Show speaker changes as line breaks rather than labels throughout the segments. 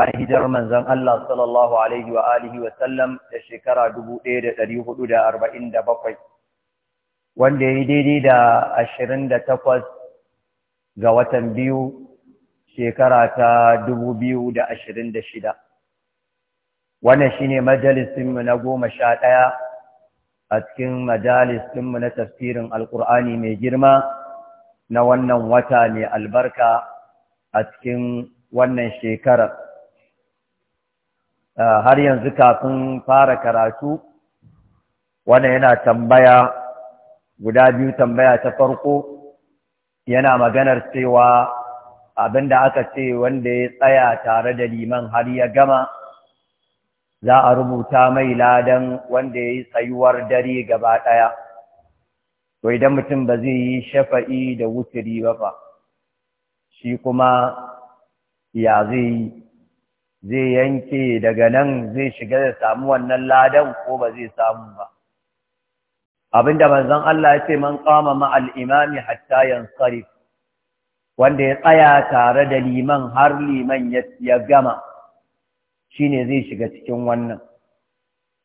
A hijirar manzon Allah sallallahu alaihi wa alihi wa sallam da shekara 1447 wanda ya yi daidai da 28 ga watan biyu shekara ta 2026 wannan shine majalisinmu na goma sha ɗaya a cikin majalisinmu na tafsirin alkur'ani mai girma na wannan wata mai albarka a cikin wannan shekarar Ah, har yanzu kafin fara karatu wannan yana tambaya guda biyu tambaya ta farko yana maganar cewa abin da aka ce wanda ya tsaya tare da liman har ya gama za a rubuta mai ladan wanda ya yi tsayuwar dare gaba ɗaya to idan mutum ba zai yi shafa'i da wuturi ba fa shi kuma ya zai yi zai yanke daga nan zai shiga da samu wannan ladan ko ba zai samu ba abinda manzon Allah ya ce man qama ma al-imami hatta yansarif wanda ya tsaya tare da liman har liman ya gama shine zai shiga cikin wannan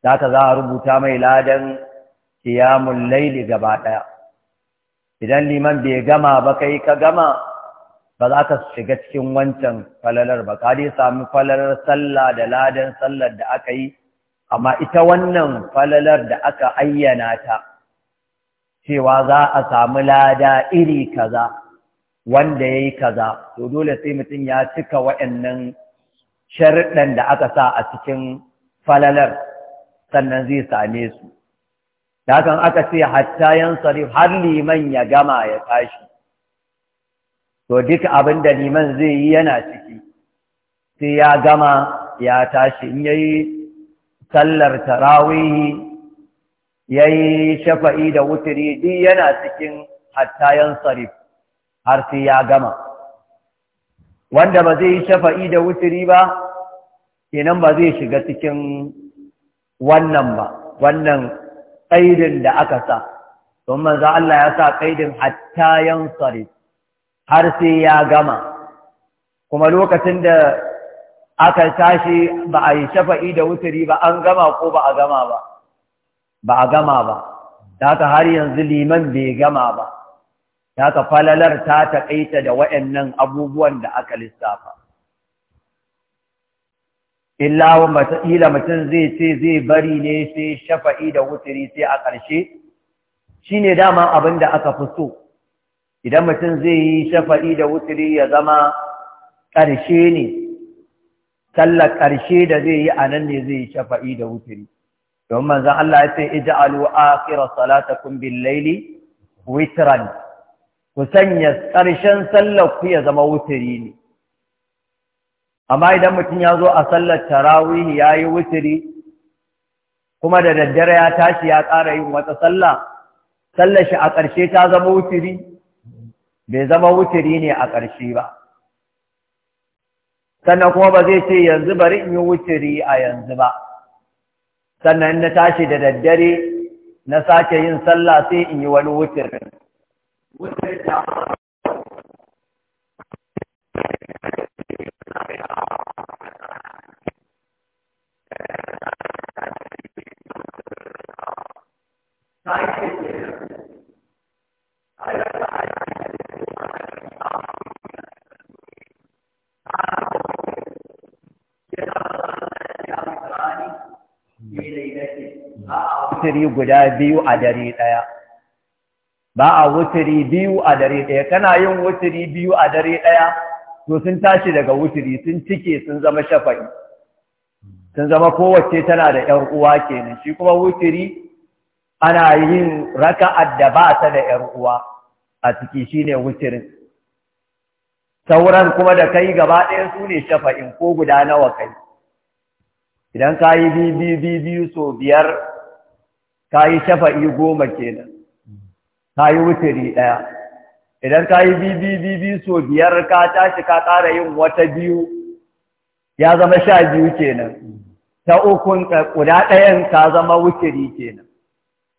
zaka za a rubuta mai ladan qiyamul laili gaba daya idan liman bai gama ba kai ka gama ba za ka shiga cikin wancan falalar ba ka dai sami falalar sallah da ladan sallar da aka yi amma ita wannan falalar da aka ayyana ta cewa za a sami lada iri kaza wanda ya yi kaza to dole sai mutum ya cika waɗannan sharɗan da aka sa a cikin falalar sannan zai same su da aka ce hatta yan sarif har liman ya gama ya tashi to duk abin da liman zai yi yana ciki sai ya gama ya tashi in yayi sallar tarawihi yayi shafa'i da wutri duk yana cikin hatta sarif har sai ya gama wanda ba zai yi shafa'i da wutiri ba kenan ba zai shiga cikin wannan ba wannan ƙaidin da aka sa don manzo Allah ya sa ƙaidin hatta sarif? har sai ya gama kuma lokacin da aka tashi ba a yi shafa'i da wuturi ba an gama ko ba a gama ba ba a gama ba da haka har yanzu liman bai gama ba da haka falalar ta taƙaita da waɗannan abubuwan da aka lissafa illa wataƙila mutum zai ce zai bari ne sai shafa'i da wuturi sai a ƙarshe shi ne dama abin da aka fi so idan mutum zai yi shafa'i da wuturi ya zama ƙarshe ne sallar ƙarshe da zai yi anan ne zai yi shafa'i da wuturi don manzan Allah ya ce ij'alu akhira salatakum bil laili witran ku sanya ƙarshen sallar ku ya zama wuturi ne amma idan mutum ya zo a sallar tarawih ya yi wuturi kuma da daddare ya tashi ya ƙara yin wata sallah sallar shi a ƙarshe ta zama wuturi bai zama wuturi ne a ƙarshe ba sannan kuma ba zai ce yanzu bari in yi wuturi a yanzu ba sannan na tashi da daddare na sake yin sallah sai in yi wani wuturin
I
Ba a wuturi guda biyu a dare ɗaya. biyu a Kana yin wuturi biyu a dare ɗaya, to sun tashi daga wuturi sun cike sun zama shafa'i. Sun zama kowace tana da ‘yan uwa kenan. Shi kuma wuturi ana yin raka'ar da ba ta da ‘yan uwa a ciki shi ne wuturin. Sauran kuma da kai gaba ɗaya su ne shafa'in ko guda nawa kai. idan ka yi biyu biyu biyu so biyar ka yi shafa'i goma kenan ka yi wuturi ɗaya idan ka yi biyu biyu biyu so biyar ka tashi ka ƙara yin wata biyu ya zama sha biyu kenan ta ukun eh, guda ɗayan ka zama wuturi kenan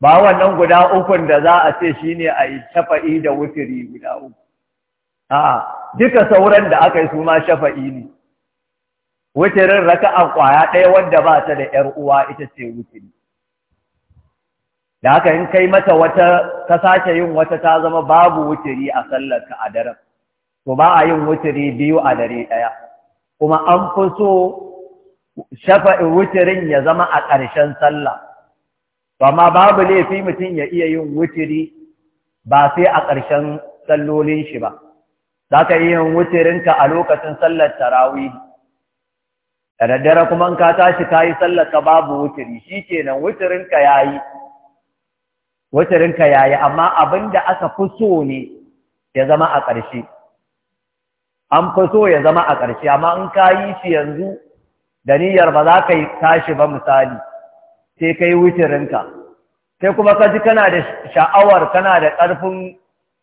ba wannan guda ukun da za a ce shine a yi shafa'i da wuturi guda uku a'a duka sauran da aka yi su ma shafa'i ne wutirin raka raka'a ƙwaya ɗaya wadda ba ta da ‘yar uwa ita ce wutiri. Da haka in kai mata wata ka sace yin wata ta zama babu wutiri a sallarka a daren, to ba a yin wutiri biyu a dare ɗaya, kuma an fi so shafa wutirin ya zama a ƙarshen sallah. Amma babu laifi mutum ya iya yin wutiri ba sai a ƙarshen sallolin shi ba, za ka iya yin wutirinka a lokacin sallar tarawih. da daddare kuma ka tashi ka yi ka babu wuturi shi kenan wuturinka yayi, yi amma abin da aka fi so ne ya zama a ƙarshe an fi so ya zama a ƙarshe amma in ka yi shi yanzu da niyyar ba za ka yi tashi ba misali sai ka yi wuturinka sai kuma ka ji kana da sha'awar kana da ƙarfin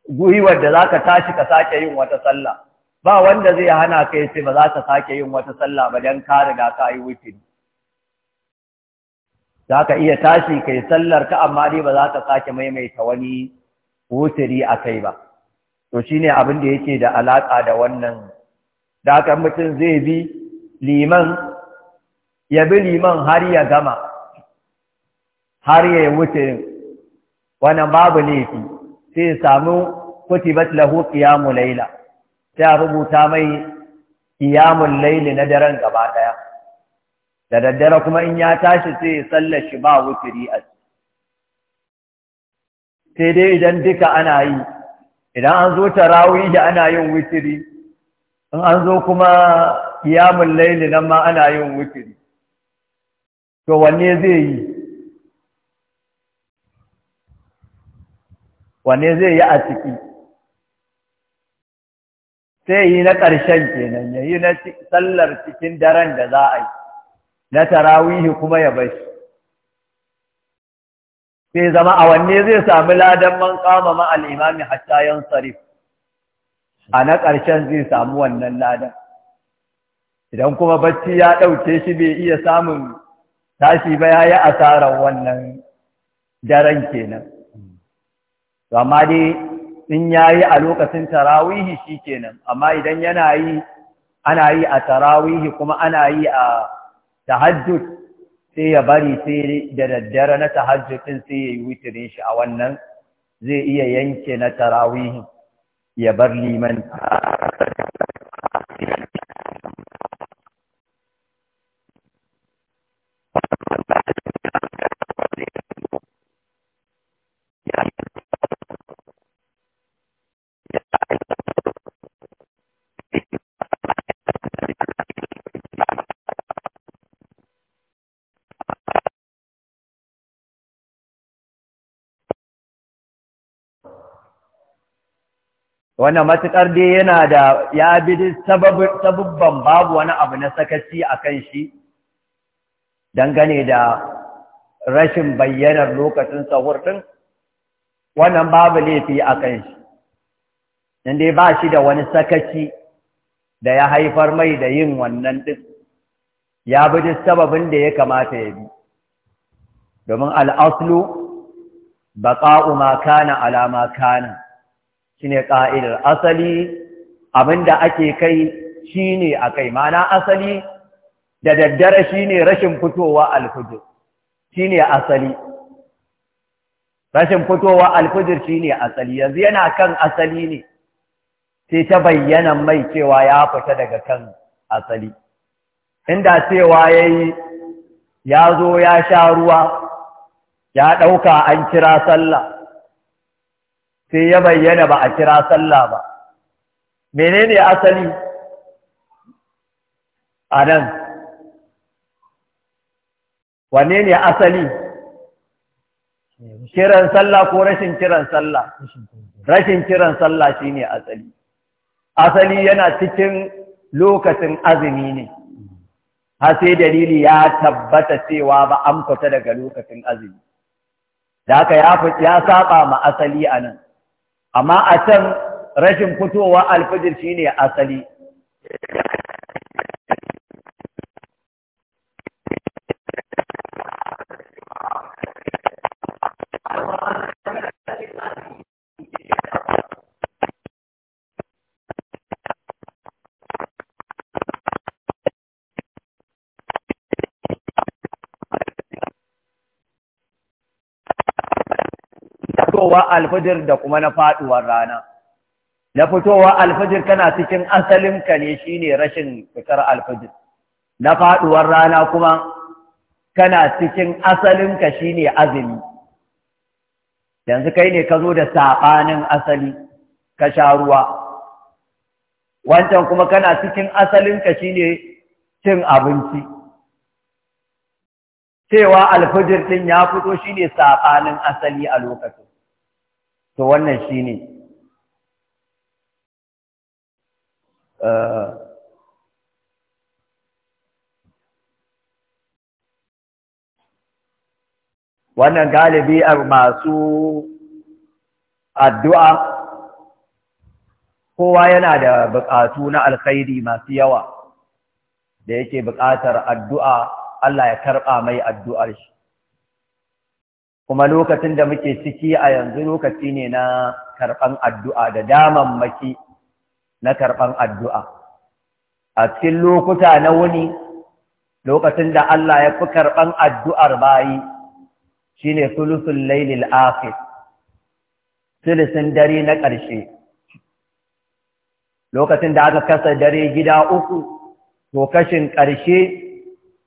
gwiwar da za ka tashi ka sake yin wata sallah ba wanda zai hana ka yace ba za ka sake yin wata sallah ba dan ka riga ka yi witiri za ka iya tashi kai sallar ka amma dai ba za ka sake maimaita wani wuturi a kai ba to shine abin da yake da alaka da wannan da kan mutum zai bi liman ya bi liman har ya gama har ya wutirin wannan babu laifi sai samu kutibat lahu qiyamul Laila. sai rubuta mai kiyamun laili na daren gaba ɗaya da daddare kuma in ya tashi sai sallar shi ba wuturi a sai dai idan duka ana yi idan an zo tarawih da ana yin wuturi in an zo kuma kiyamun laili nan ma ana yin wuturi to wanne zai yi wanne zai yi a ciki sai yi na ƙarshen kenan ya yi na sallar cikin daren da za a yi na tarawihi kuma ya bashi sai zama a wanne zai sami ladan man kama ma'al al'imami hatta sarif a na ƙarshen zai samu wannan ladan idan kuma bacci ya ɗauke shi bai iya samun tashi ba ya yi asarar wannan daren kenan amma dai in yayi a lokacin tarawihi shi kenan, amma idan yana yi ana yi a tarawihi kuma ana yi a tahajjud sai ya bari sai da daddare na tahajjud din sai ya yi witirin shi a wannan zai iya yanke na tarawihi ya bar liman
wannan matuƙar dai yana da ya bi sababban babu wani abu na
sakaci a kan shi dangane da rashin bayyanar lokacin sahur ɗin wannan babu laifi a kan shi inda ba shi da wani sakaci da ya haifar mai da yin wannan ɗin ya bi duk sababin da ya kamata ya bi domin al'aslu baƙa'u ma kana alama kana Shi ne ƙa'idar asali abinda ake kai shi ne a kai mana asali da daddare shi ne rashin fitowa shi ne asali rashin fitowa shi ne asali yanzu yana kan asali ne sai ta bayyana mai cewa ya fita daga kan asali inda cewa ya yi ya zo ya sha ruwa ya ɗauka an kira sallah sai ya bayyana ba a kira sallah ba menene asali a nan wane ne asali kiran sallah ko rashin kiran sallah rashin kiran sallah shi ne asali asali yana cikin lokacin azumi ne Ha sai dalili ya tabbata cewa ba an daga lokacin azumi da haka ya saba ma asali a nan amma a can rashin fitowa alfijir shine asali fitowa alfajir da kuma na faduwar rana na fitowa alfajir kana cikin asalin ka ne shine rashin fitar alfajir na faduwar rana kuma kana cikin asalin ka shine azumi yanzu kai ne ka zo da sabanin asali ka sha ruwa wancan kuma kana cikin asalin ka shine cin abinci cewa alfajir din ya fito shine sabanin asali a lokacin to wannan shi ne. Eh, wannan galibi a masu addu'a kowa yana da bukatu na alkhairi masu yawa da yake bukatar addu'a Allah ya karɓa mai addu'ar shi kuma lokacin da muke ciki a yanzu lokaci ne na karɓan addu'a da daman maki na karɓan addu'a. A cikin lokuta na wuni, lokacin da Allah ya fi karɓan addu'ar bayi shi ne sulusun lailil afis, sulusun dare na ƙarshe. Lokacin da aka kasa dare gida uku, to kashin ƙarshe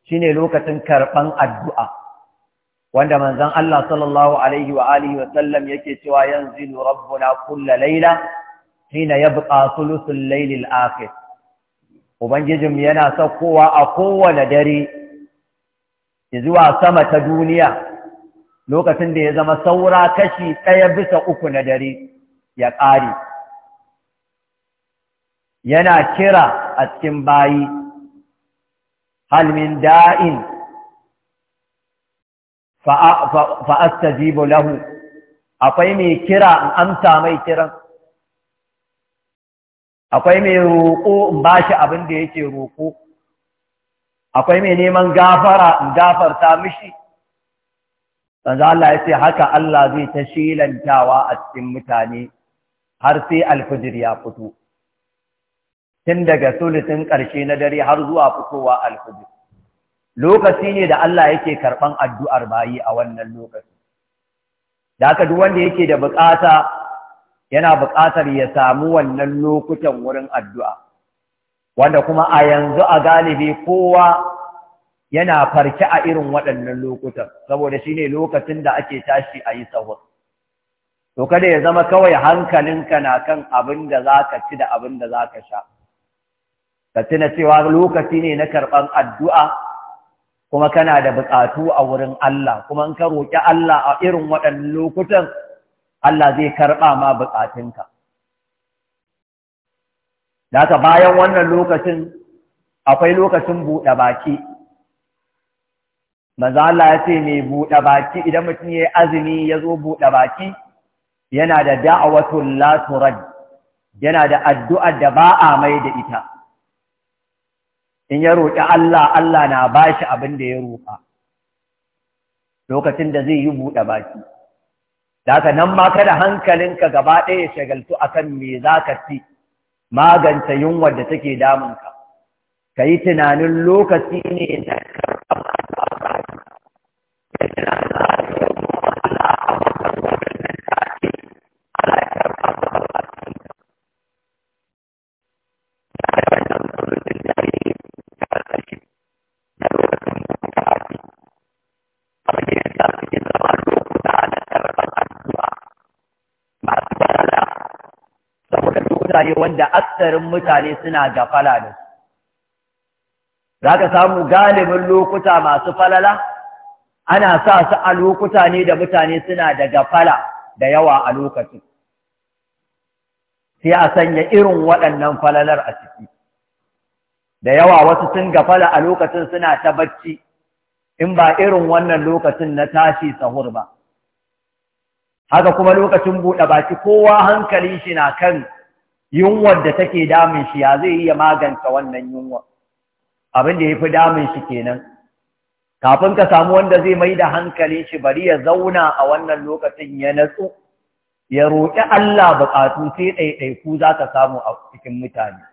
shi ne lokacin karɓan addu'a. wanda manzon Allah sallallahu alaihi wa alihi wa sallam yake cewa yanzilu rabbuna kulla laila hina yabqa thuluthul layl al-akhir ubangijin yana saukowa a kowane dare zuwa sama ta duniya lokacin da ya zama saura kashi ɗaya bisa uku na dare ya ƙare yana kira a cikin bayi hal min da'in fa jibo lahu akwai mai kira in amsa mai kiran akwai mai roƙo in shi abin da yake roƙo akwai mai neman gafara in gafarta mishi sanzu Allah ya ce haka Allah zai ta shilantawa a cikin mutane har sai alfijir ya fito tun daga sulutin ƙarshe na dare har zuwa fitowa alfijir lokaci ne da Allah yake karɓan addu'ar bayi a wannan lokaci da aka duk wanda yake da bukata yana bukatar ya samu wannan lokutan wurin addu'a wanda kuma a yanzu a galibi kowa yana farke a irin waɗannan lokutan saboda shi ne lokacin da ake tashi a yi sahur to kada ya zama kawai hankalinka na kan abin da za ka ci da abin da za ka sha ka tuna cewa lokaci ne na karɓan addu'a kuma kana da buƙatu a wurin Allah kuma in ka roƙi Allah a irin waɗannan lokutan Allah zai karɓa ma buƙatunka da ka bayan wannan lokacin akwai lokacin buɗe baki Maza Allah ya ce mai buɗe baki idan mutum ya yi azumi ya zo buɗe baki yana da da'awatul la turad yana da addu'ar da ba a mai da ita in ya roƙi Allah Allah na ba shi abin da ya roƙa lokacin da zai yi buɗe baki daga nan ma kada hankalinka gaba ɗaya ya shagaltu akan me za ka fi magance yunwar da take damunka ka yi tunanin lokaci ne da ba karɓar ne wanda aksarin mutane suna gafala da su za ka samu galibin lokuta masu falala ana sa su a lokuta ne da mutane suna da gafala da yawa a lokacin sai a sanya irin waɗannan falalar a ciki da yawa wasu sun fala a lokacin suna ta bacci in ba irin wannan lokacin na tashi sahur ba haka kuma lokacin buɗe baki kowa hankali shi na kan yunwar da take damun shi ya zai iya maganta wannan yunwar abin da ya fi damun shi kenan kafin ka samu wanda zai mai da hankalin shi bari ya zauna a wannan lokacin ya natsu ya roƙi Allah buƙatu sai ɗaiɗaiku za ka samu a cikin mutane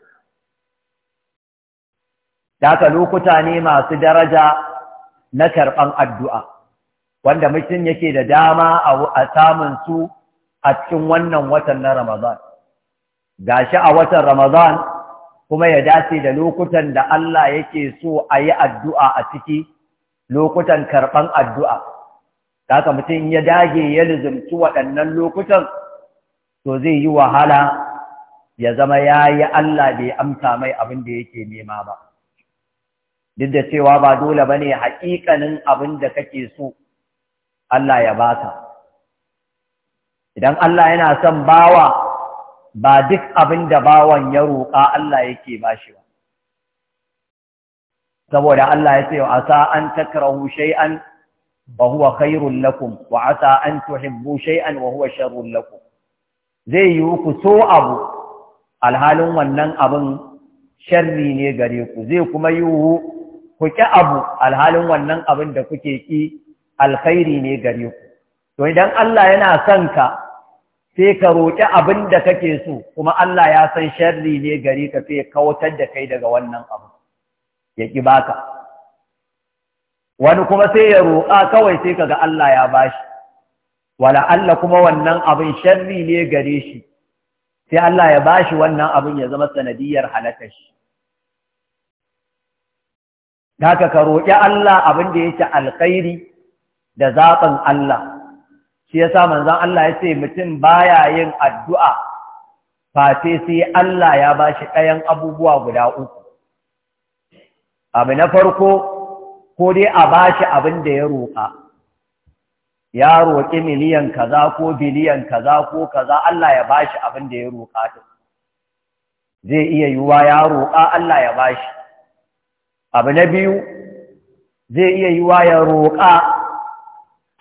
Daka lokuta ne masu daraja na karɓan addu'a wanda mutum yake da dama a samun su a cikin wannan watan na Ramadan Ga shi a watan Ramadan kuma ya dace da lokutan da Allah yake so a yi addu'a a ciki lokutan karɓan addu'a. Kaka mutum ya dage ya lizumci waɗannan lokutan, to zai yi wahala ya zama ya yi Allah bai amsa mai abin da yake nema ba. Duk da cewa ba dole ba ne haƙiƙanin abin da kake so Allah ya ba ta. Idan Allah yana son bawa ba duk abin da bawan ya roƙa Allah yake ba shi ba. Saboda Allah ya ce, "Asa an takrahu shay'an wa huwa khairun lakum, wa asa an tuhibbu shay'an wa huwa sharrun lakum." Zai yi ku so abu, alhalin wannan abin sharri ne gare ku, zai kuma yi ku ƙi abu, alhalin wannan abin da kuke ƙi alkhairi ne gare ku. To idan Allah yana son ka, sai ka roƙi abin da kake so kuma Allah ya san sharri ne gari ka sai kawatar da kai daga wannan abu ya ƙi baka wani kuma sai ya roƙa kawai sai kaga Allah ya bashi wala Allah kuma wannan abin sharri ne gare shi sai Allah ya bashi wannan abin ya zama sanadiyar halakar shi haka ka roƙi Allah abin da yake alkhairi da zaɓin Allah shi yasa manzon Allah ya ce mutum baya yin addu'a face sai Allah ya bashi ɗayan abubuwa guda uku abu na farko ko dai a bashi abin da ya roƙa ya roƙi miliyan kaza ko biliyan kaza ko kaza Allah ya bashi abin da ya roƙa zai iya yiwuwa ya roƙa Allah ya bashi abu na biyu zai iya yiwuwa ya roƙa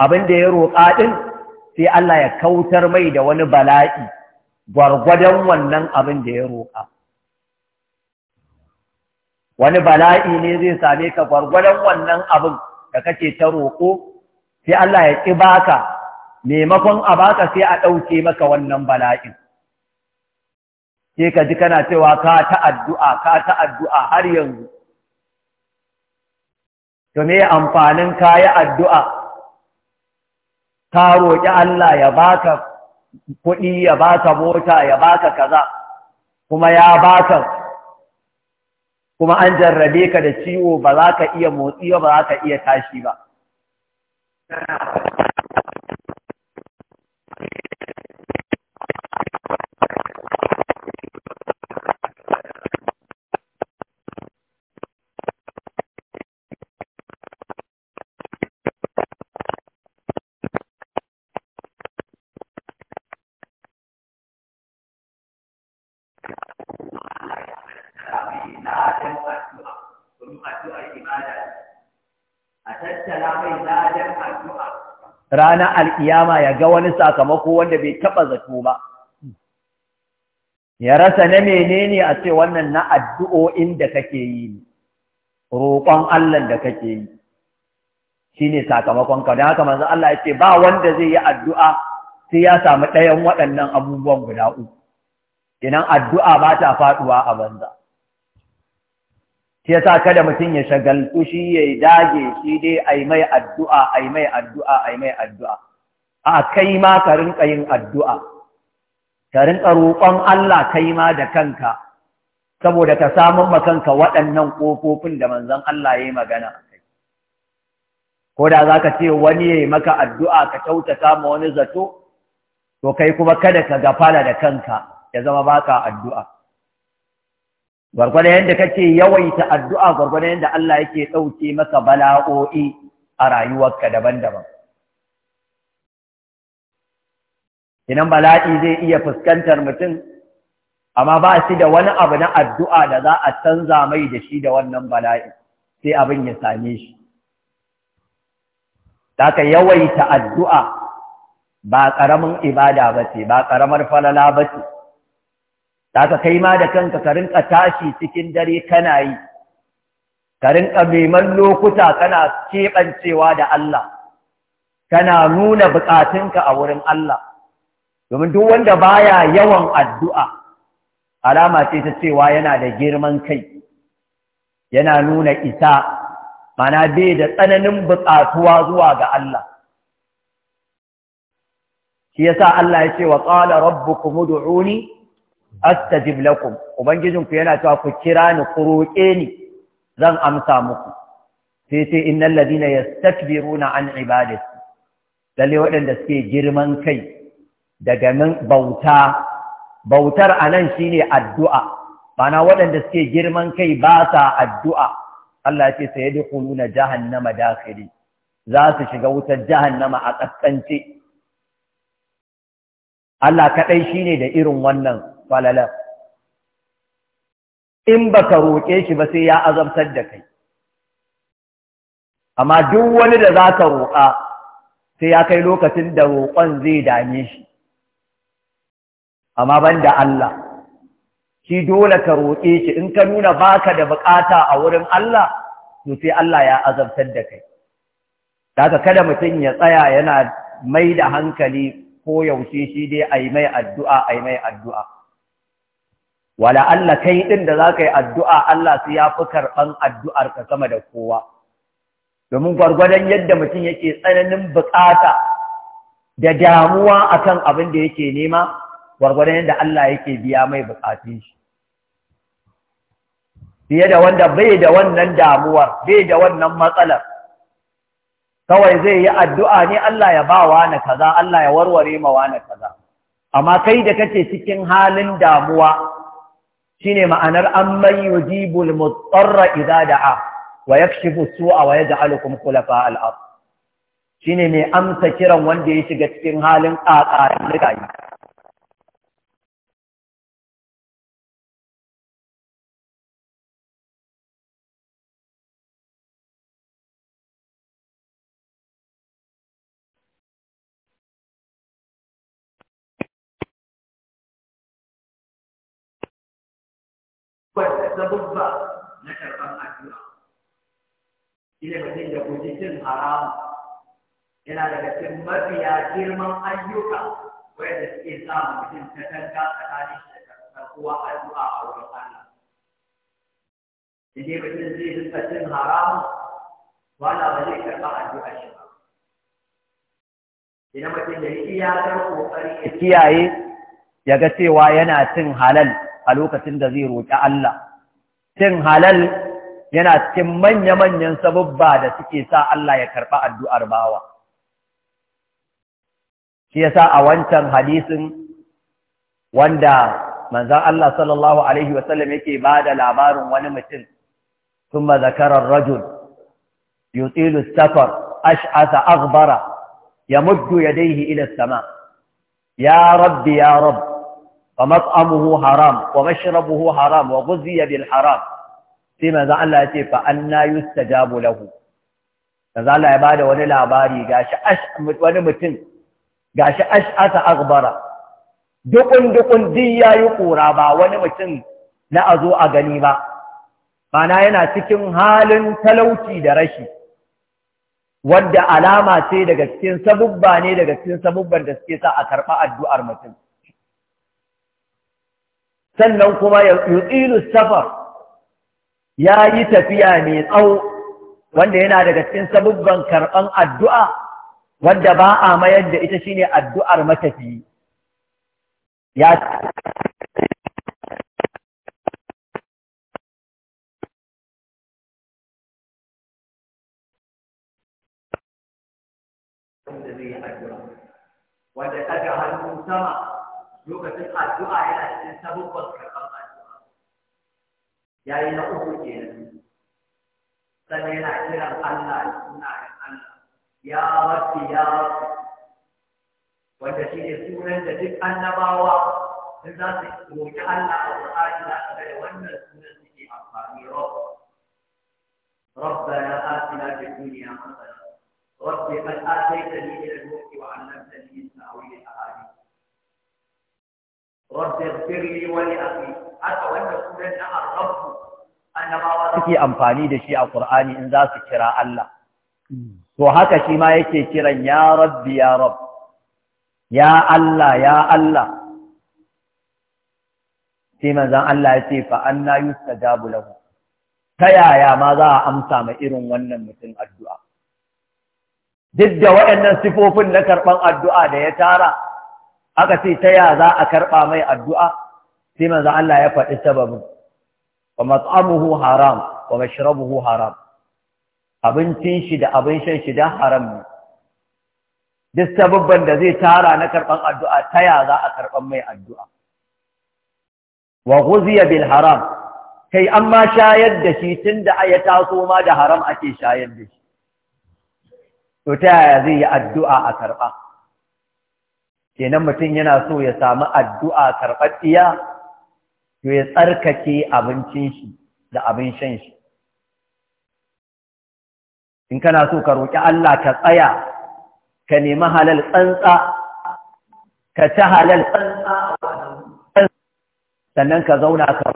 abin da ya roƙa ɗin sai Allah ya kautar mai da wani bala'i gwargwadon wannan abin da ya roƙa. Wani bala'i ne zai same ka gwargwadon wannan abin da kake ta roƙo, sai Allah ya ƙi baka, maimakon a baka sai a ɗauke maka wannan bala'in. Sai ka ji kana cewa ka ta addu'a ka addu’a har yanzu. To me amfanin ka yi addu'a ka roƙi Allah ya baka kuɗi ya baka mota ya baka kaza kuma ya baka kuma an jarrabe ka da ciwo ba za ka iya motsi ba za ka iya tashi ba ranar al'iyama ya ga wani sakamako wanda bai taɓa zato ba. Ya rasa na menene a ce wannan na addu'o'in da kake yi roƙon allah da kake yi, shi ne sakamakon ka, don haka manzan Allah ya ce ba wanda zai yi addu'a sai ya sami ɗayan waɗannan abubuwan guda uku, idan addu'a ba ta faɗuwa a banza. shi sa kada mutum ya shagaltu shi ya dage shi dai yi mai addu'a yi mai addu'a yi mai addu'a a kai ma ka rinka yin addu'a ka rinka roƙon Allah kai ma da kanka saboda ka samun makanka waɗannan ƙofofin da manzon Allah ya yi magana a kai ko da za ka ce wani ya yi maka addu'a ka kyautata ma wani zato to kai kuma kada ka gafala da kanka ya zama baka addu'a gwargwadon yadda kake yawaita addu'a gwargwadon yadda Allah yake ɗauke maka bala'o'i a rayuwarka daban-daban. Inan bala'i zai iya fuskantar mutum, amma ba shi da wani abu na addu'a da za a canza mai da shi da wannan bala'i, sai abin ya same shi. Ta ka yawaita addu'a ba ƙaramin ibada ba ce, ba ƙaramar falala ba ce. Taka kai ma da kanka ka rinka tashi cikin dare kana yi, ka rinka neman lokuta kana keɓancewa da Allah, kana nuna buƙatunka a wurin Allah. Domin duk wanda baya yawan addu'a, alama ce ta cewa yana da girman kai, yana nuna isa, mana bai da tsananin buƙatuwa zuwa ga Allah. Shi yasa Allah ya ce wa ƙala rabbukum ud'uni astajib lakum ku yana cewa ku kira ni ku roƙe ni zan amsa muku sai sai innal ladina yastakbiruna an ibadati dalle waɗanda suke girman kai daga min bauta bautar anan shine addu'a bana waɗanda suke girman kai ba sa addu'a Allah ya ce sayadkhuluna jahannama dakhili za su shiga wutar jahannama a kaskance Allah kaɗai shine da irin wannan falala in baka roƙe shi ba sai ya azabtar da kai amma duk wani da za ka roƙa sai ya kai lokacin da roƙon zai dame shi amma ban da Allah shi dole ka roƙe shi in ka nuna baka da buƙata a wurin Allah to sai Allah ya azabtar da kai daga kada mutum ya tsaya yana mai da hankali ko yaushe shi dai a yi mai addu'a a yi mai addu'a wala Allah kai din da za ka yi addu'a Allah su ya fi karban addu'ar ka sama da kowa domin gwargwadon yadda mutum yake tsananin bukata da damuwa akan abin da yake nema gwargwadon yadda Allah yake biya mai bukatun shi fiye da wanda bai da wannan damuwar bai da wannan matsalar kawai zai yi addu'a ne Allah ya ba wa na kaza Allah ya warware ma wa na kaza amma kai da kake cikin halin damuwa shine ma'anar amman yujibul mutarra iza da'a wa yakshifu su'a wa alukun khulafa al-ard shine mai amsa kiran wanda
ya shiga cikin halin ƙaƙa da sabubba na karɓar addu'a ina mutum da guji cin haramu yana daga cikin mafiya
girman ayyuka wanda suke sa mutum ta a tsakanin shi da karɓuwa
addu'a a wurin Allah.
Idan mutum zai rinka cin
haramu wala ba zai karɓa addu'a shi ba.
Ina mutum da iya kar ƙoƙari ya kiyaye ya ga cewa yana cin halal a lokacin da zai roƙi Allah cin halal yana cikin manya-manyan sabubba da suke sa Allah ya karɓa addu'ar bawa. Shi sa a wancan hadisin wanda manzan Allah sallallahu Alaihi wasallam yake ba da labarin wani mutum sun zakarar rajul, yutsilu safar, ash'asa agbara, ya muddu ya daihi ila sama, ya rabbi ya rabbi. فمطعمه حرام ومشربه حرام وغذي بالحرام فيما ذا الله يتي فأنا يستجاب له ذا الله يبادة ونلا باري قاش أش ونمتن قاش أش أتا أغبرا دقن دقن ديا يقورا با ونمتن نأذو أغني با فأنا ينا تكن حال تلوتي درشي wadda alama ce daga cikin sabubba ne daga cikin sabubban da suke sa a karɓa addu'ar mutum sannan kuma yutilu safar ya yi tafiya mai tsawo wanda yana daga cikin sabubban karɓan addu'a wanda ba a mayar da
ita shine addu'ar matafi wanda zai yi hannun sama lokacin addu'a yana cikin sabubban karɓar addu'a yayi na uku kenan
sannan yana kiran Allah suna da Allah ya rabbi ya rabbi wanda shi ne sunan da duk annabawa sun za su roƙi Allah a Qur'ani za su ga da wannan sunan suke amfani rabb ربنا آتنا في
الدنيا حسنة رب قد آتيتني
من الملك rabbi da suke amfani da shi a ƙur'ani in za su kira Allah to haka shi ma yake kiran ya rabbi ya rabb ya Allah ya Allah sai manzon Allah ya ce fa anna yustajabu lahu ta yaya ma za a amsa ma irin wannan mutum addu'a duk da waɗannan sifofin na karɓan addu'a da ya tara aka ce ta ya za a karɓa mai addu'a sai manzo Allah ya faɗi sababin wa mat'amuhu haram wa mashrabuhu haram abincin shi da abin shan shi da haram ne duk sababban da zai tara na karɓan addu'a ta ya za a karɓan mai addu'a wa ghuziya bil haram kai an ma shayar da shi da ya taso ma da haram ake shayar da shi to ta yaya zai yi addu'a a karɓa kenan mutum yana so ya samu addu'a karɓaɗɗiya to ya tsarkake abincin shi da abin shan shi in kana so ka roƙi Allah ka tsaya ka nemi halal tsantsa ka ci halal
tsantsa sannan ka zauna ka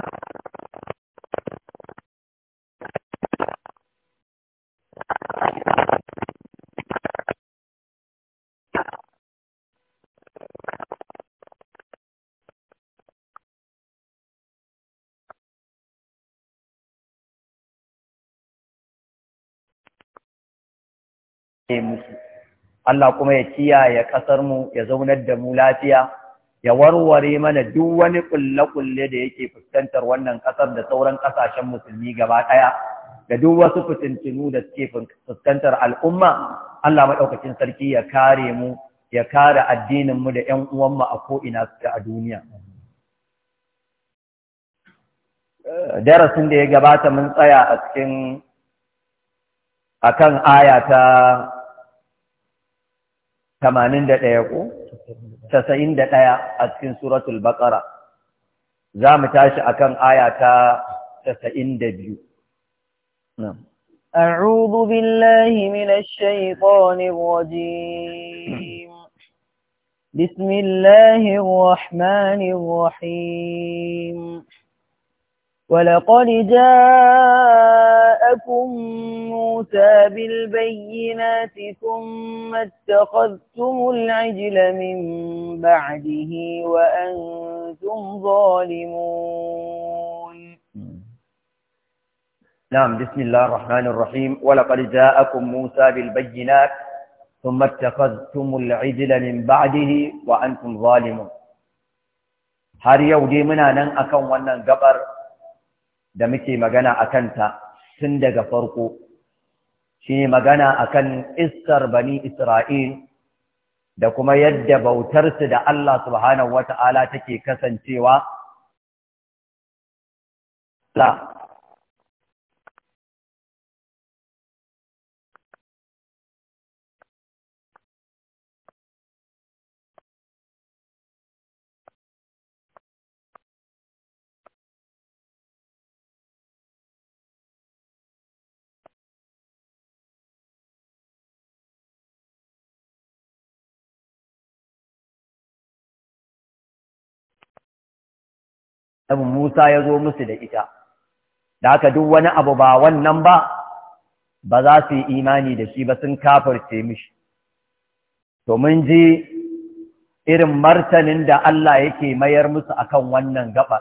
musu Allah kuma ya kiyaye
kasar mu ya zaunar da mu lafiya ya warware mana duk wani kulle-kulle da yake fuskantar wannan kasar da sauran kasashen musulmi gaba ɗaya da duk wasu fitintinu da suke fuskantar al'umma Allah maɗaukacin sarki ya kare mu ya kare addinin mu da ƴan uwanmu a ko'ina suke a duniya darasin da ya gabata mun tsaya a cikin akan aya ta 81 ko 91 a cikin suratul baqara za mu tashi akan aya ta 92 na
a'udhu billahi minash shaitanir rajim bismillahir rahmanir rahim ولقد جاءكم موسى بالبينات ثم اتخذتم العجل من بعده وأنتم ظالمون
نعم بسم الله الرحمن الرحيم ولقد جاءكم موسى بالبينات ثم اتخذتم العجل من بعده وأنتم ظالمون هاري يودي منا ننأكم ونن da muke magana a kanta tun daga farko shi magana akan iskar bani Isra'il da
kuma yadda bautarsu da Allah subhanahu wata'ala take kasancewa Abu Musa ya zo musu da ita, da aka duk wani abu ba wannan ba,
ba za su yi imani da shi ba sun kafarce mishi. To mun ji irin martanin da Allah yake mayar musu akan wannan gabar,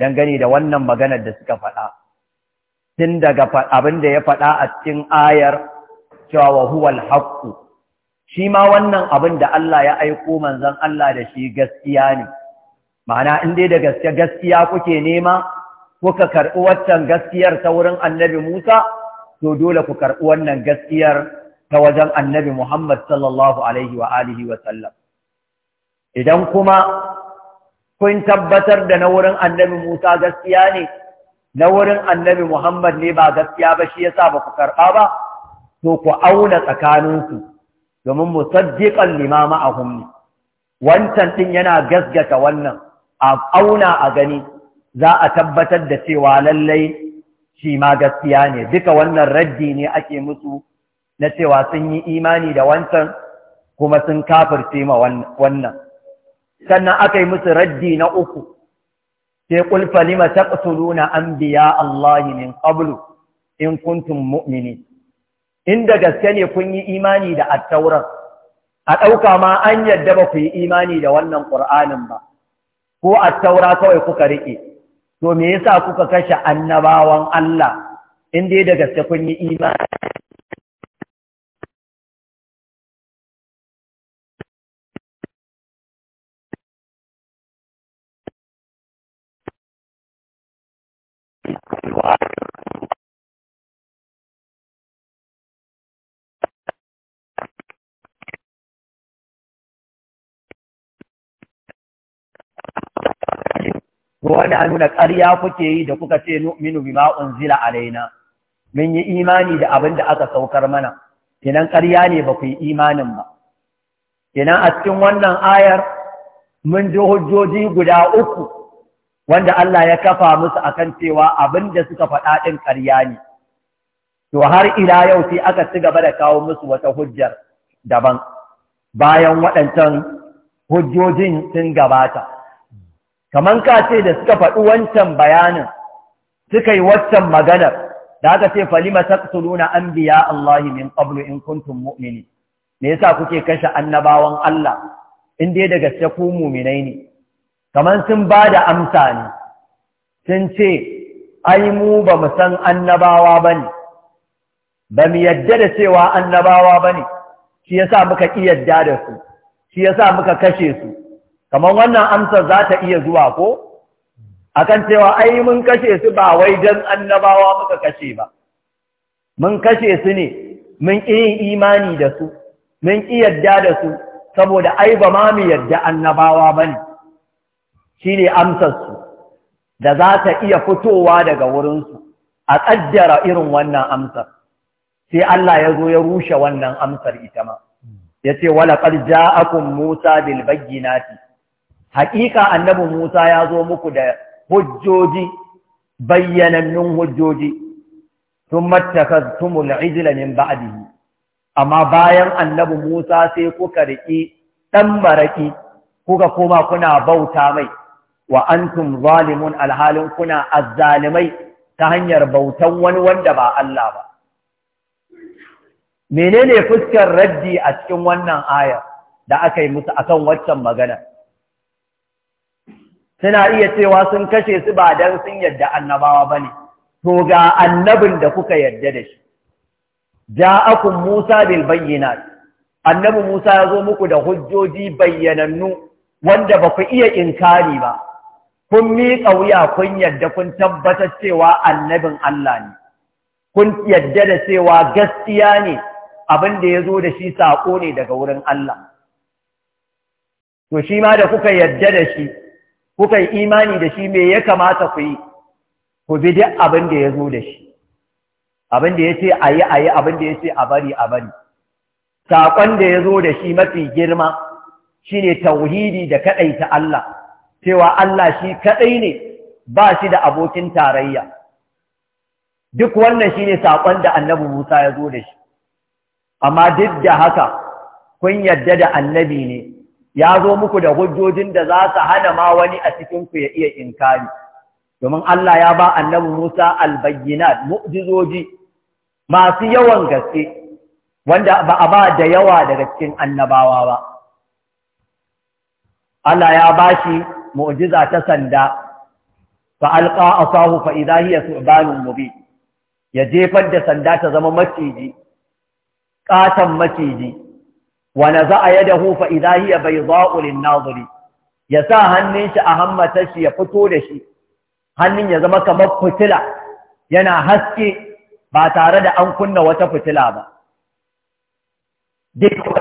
dangane da wannan maganar da suka faɗa. Tun daga abin da ya faɗa a cikin ayar cewa wa huwal haƙƙu. shi ma wannan abin da Allah ya aiko manzon Allah da shi gaskiya ne. ma'ana in dai da gaske gaskiya kuke nema kuka karɓi waccan gaskiyar ta wurin annabi Musa to dole ku karɓi wannan gaskiyar ta wajen annabi Muhammad sallallahu alaihi wa alihi wa sallam idan kuma kun tabbatar da na wurin annabi Musa gaskiya ne na wurin annabi Muhammad ne ba gaskiya ba shi yasa ba ku karɓa ba to ku auna tsakaninku domin musaddiqan limama ahum ne wancan din yana gasgata wannan a auna a gani za a tabbatar da cewa lallai shi ma gaskiya ne duka wannan raddi ne ake musu na cewa sun yi imani da wancan kuma sun kafirce ma wannan sannan aka yi musu raddi na uku sai kulfa lima taqtuluna anbiya Allah min qablu in kuntum mu'minin inda gaske ne kun yi imani da attaurar a ɗauka ma an yadda ba ku yi imani da wannan ƙur'anin ba ko a taura kawai kuka riƙe
to me yasa kuka kashe annabawan Allah in dai da gaske kun yi imani Thank you. to
wannan nuna ƙarya kuke yi da kuka ce nu'minu bima unzila alaina mun yi imani da abin da aka saukar mana kinan ƙarya ne ba ku yi imanin ba kinan a cikin wannan ayar mun ji hujjoji guda uku wanda Allah ya kafa musu akan cewa abin da suka faɗa ɗin ƙarya ne to har ila yau sai aka ci gaba da kawo musu wata hujjar daban bayan waɗancan hujjojin sun gabata kaman ka ce da suka faɗi wancan bayanin suka yi wancan maganar da aka ce falima taqtuluna anbiya Allah min qablu in kuntum mu'minin me yasa kuke kashe annabawan Allah in dai da gaske ku mu'minai ne kaman sun ba da amsa ne sun ce ai mu ba mu san annabawa bane ba mu yadda da cewa annabawa bane shi yasa muka ki yadda da su shi yasa muka kashe su kamar wannan amsar za ta iya zuwa ko akan cewa ai mun kashe su ba wai dan annabawa muka kashe ba mun kashe su ne mun iya imani da su mun iya yadda da su saboda ai ba ma mu yadda annabawa bane shine amsar su da za ta iya fitowa daga wurin su a kaddara irin wannan amsar sai Allah ya zo ya rushe wannan amsar ita ma yace wala qad akun musa bil bayyinati haƙiƙa annabi Musa ya zo muku da hujjoji bayyanannun hujjoji sun mattakastumul ijla min ba'dihi amma bayan annabi Musa sai kuka riƙi dan maraƙi kuka koma kuna bauta mai wa antum zalimun alhalin kuna azzalimai ta hanyar bautan wani wanda ba Allah ba menene fuskar raddi a cikin wannan aya da aka yi musu akan waccan magana suna iya cewa sun kashe su ba don sun yadda annabawa ba ne, to ga annabin da kuka yadda da shi. ja akun Musa bil bayyana annabi Musa ya zo muku da hujjoji bayyanannu wanda ba ku iya inkari ba, kun miƙa wuya kun yadda kun tabbatar cewa annabin Allah ne, kun yadda da cewa gaskiya ne abin da ya zo da shi saƙo ne daga wurin Allah. To shi ma da kuka yadda da shi, kuka yi imani da shi me ya kamata ku yi ku bi duk abin da ya zo da shi abin da ya ce a yi a yi abin da ya ce a bari a bari saƙon da ya zo da shi mafi girma shine tauhidi da kaɗai ta Allah cewa Allah shi kaɗai ne ba shi da abokin tarayya duk wannan shine saƙon da annabi Musa ya zo da shi amma duk da haka kun yadda da annabi ne ya zo muku da hujjojin da za su hana ma wani a cikinku ya iya inkari domin Allah ya ba annabi Musa albayyinat mu'jizoji masu yawan gaske wanda ba a ba da yawa daga cikin annabawa ba Allah ya ba shi mu'jiza ta sanda fa alqa asahu fa idha hiya su'banun mubin ya jefar da sanda ta zama maciji ƙaton maciji wa naza'a yadahu fa idha hiya baydha'u lin-nadhiri ya sa hannun shi a hammatar shi ya fito da shi hannun ya zama kamar fitila yana haske ba tare da an kunna wata fitila ba duk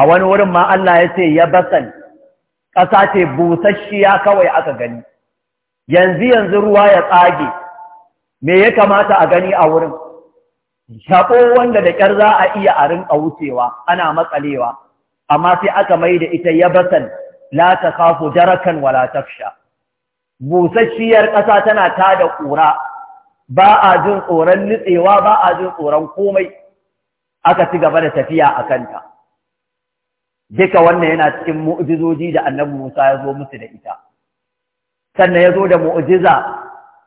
a wani wurin ma
Allah ya ce ya basan ƙasa ce busasshiya kawai aka gani yanzu yanzu ruwa ya tsage me ya kamata a gani a wurin shaƙo wanda da ƙyar za a iya a rinƙa wucewa ana matsalewa amma sai aka mai da ita ya basan la ta kafu wala tafsha busasshiyar ƙasa tana ta da ƙura ba a jin tsoron nutsewa ba a jin tsoron komai aka ci gaba da tafiya a kanta duka wannan yana cikin mu'jizoji da annabi Musa ya zo musu da ita sannan ya zo da mu'jiza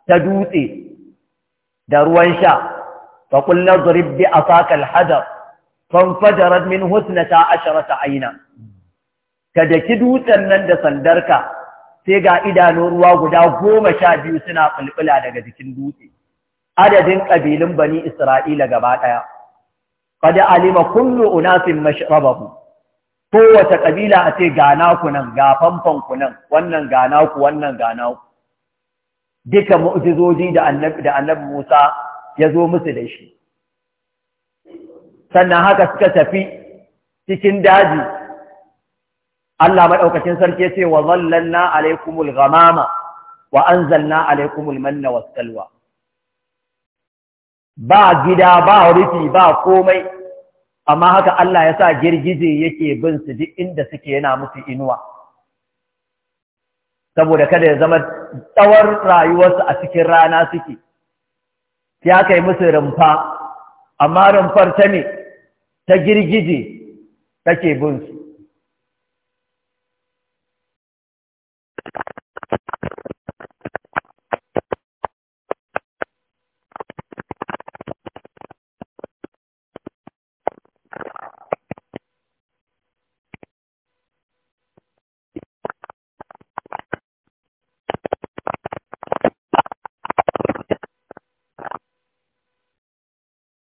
ta dutse da ruwan sha fa qul nadrib bi asaka al-hadar fanfajarat min husnata asharata aina ka daki dutsen nan da sandarka sai ga idanun ruwa guda goma sha biyu suna fulfula daga jikin dutse adadin ƙabilun bani isra'ila gaba ɗaya qad alima kullu unasin mashrabahum kowace ƙabila a ce gana naku nan ga famfan ku nan wannan ga naku wannan ga naku duka mu'jizoji da annabi da annabi Musa ya zo musu da shi sannan haka suka tafi cikin daji Allah madaukakin sarki ya ce wa zallanna alaikumul ghamama wa anzalna alaikumul manna was salwa
ba gida ba rufi
ba komai amma haka Allah ya sa girgije yake bin su duk inda suke yana musu inuwa saboda kada ya zama tsawon rayuwarsu a cikin rana suke ya kai musu rumfa amma rumfar ta ne ta girgije take bin su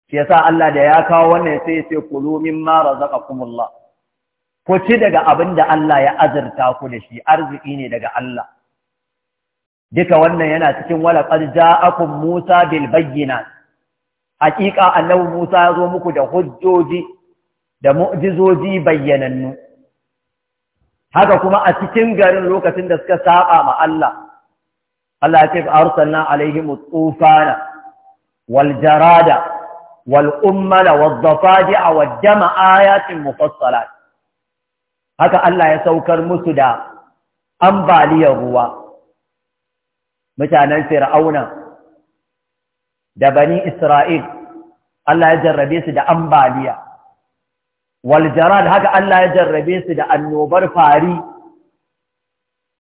shi yasa Allah da ya kawo wannan sai ya ce kulu mimma razaqakumullah ku ci daga abin da Allah ya azurta ku da shi arziki ne daga Allah duka wannan yana cikin wala qad ja'akum Musa bil bayyinat haqiqa annabi Musa ya zo muku da hujjoji da mu'jizoji bayyanannu haka kuma a cikin garin lokacin da suka saba ma Allah Allah ya ce arsalna alaihim tufana wal jarada Wal'ummala والأمل والضفادع والدم آيات مفصلات haka Allah ya saukar musu da ambaliyar ruwa mutanen fir'auna da bani isra'il Allah ya jarrabe su da ambaliya wal jarad haka Allah ya jarrabe su da annobar fari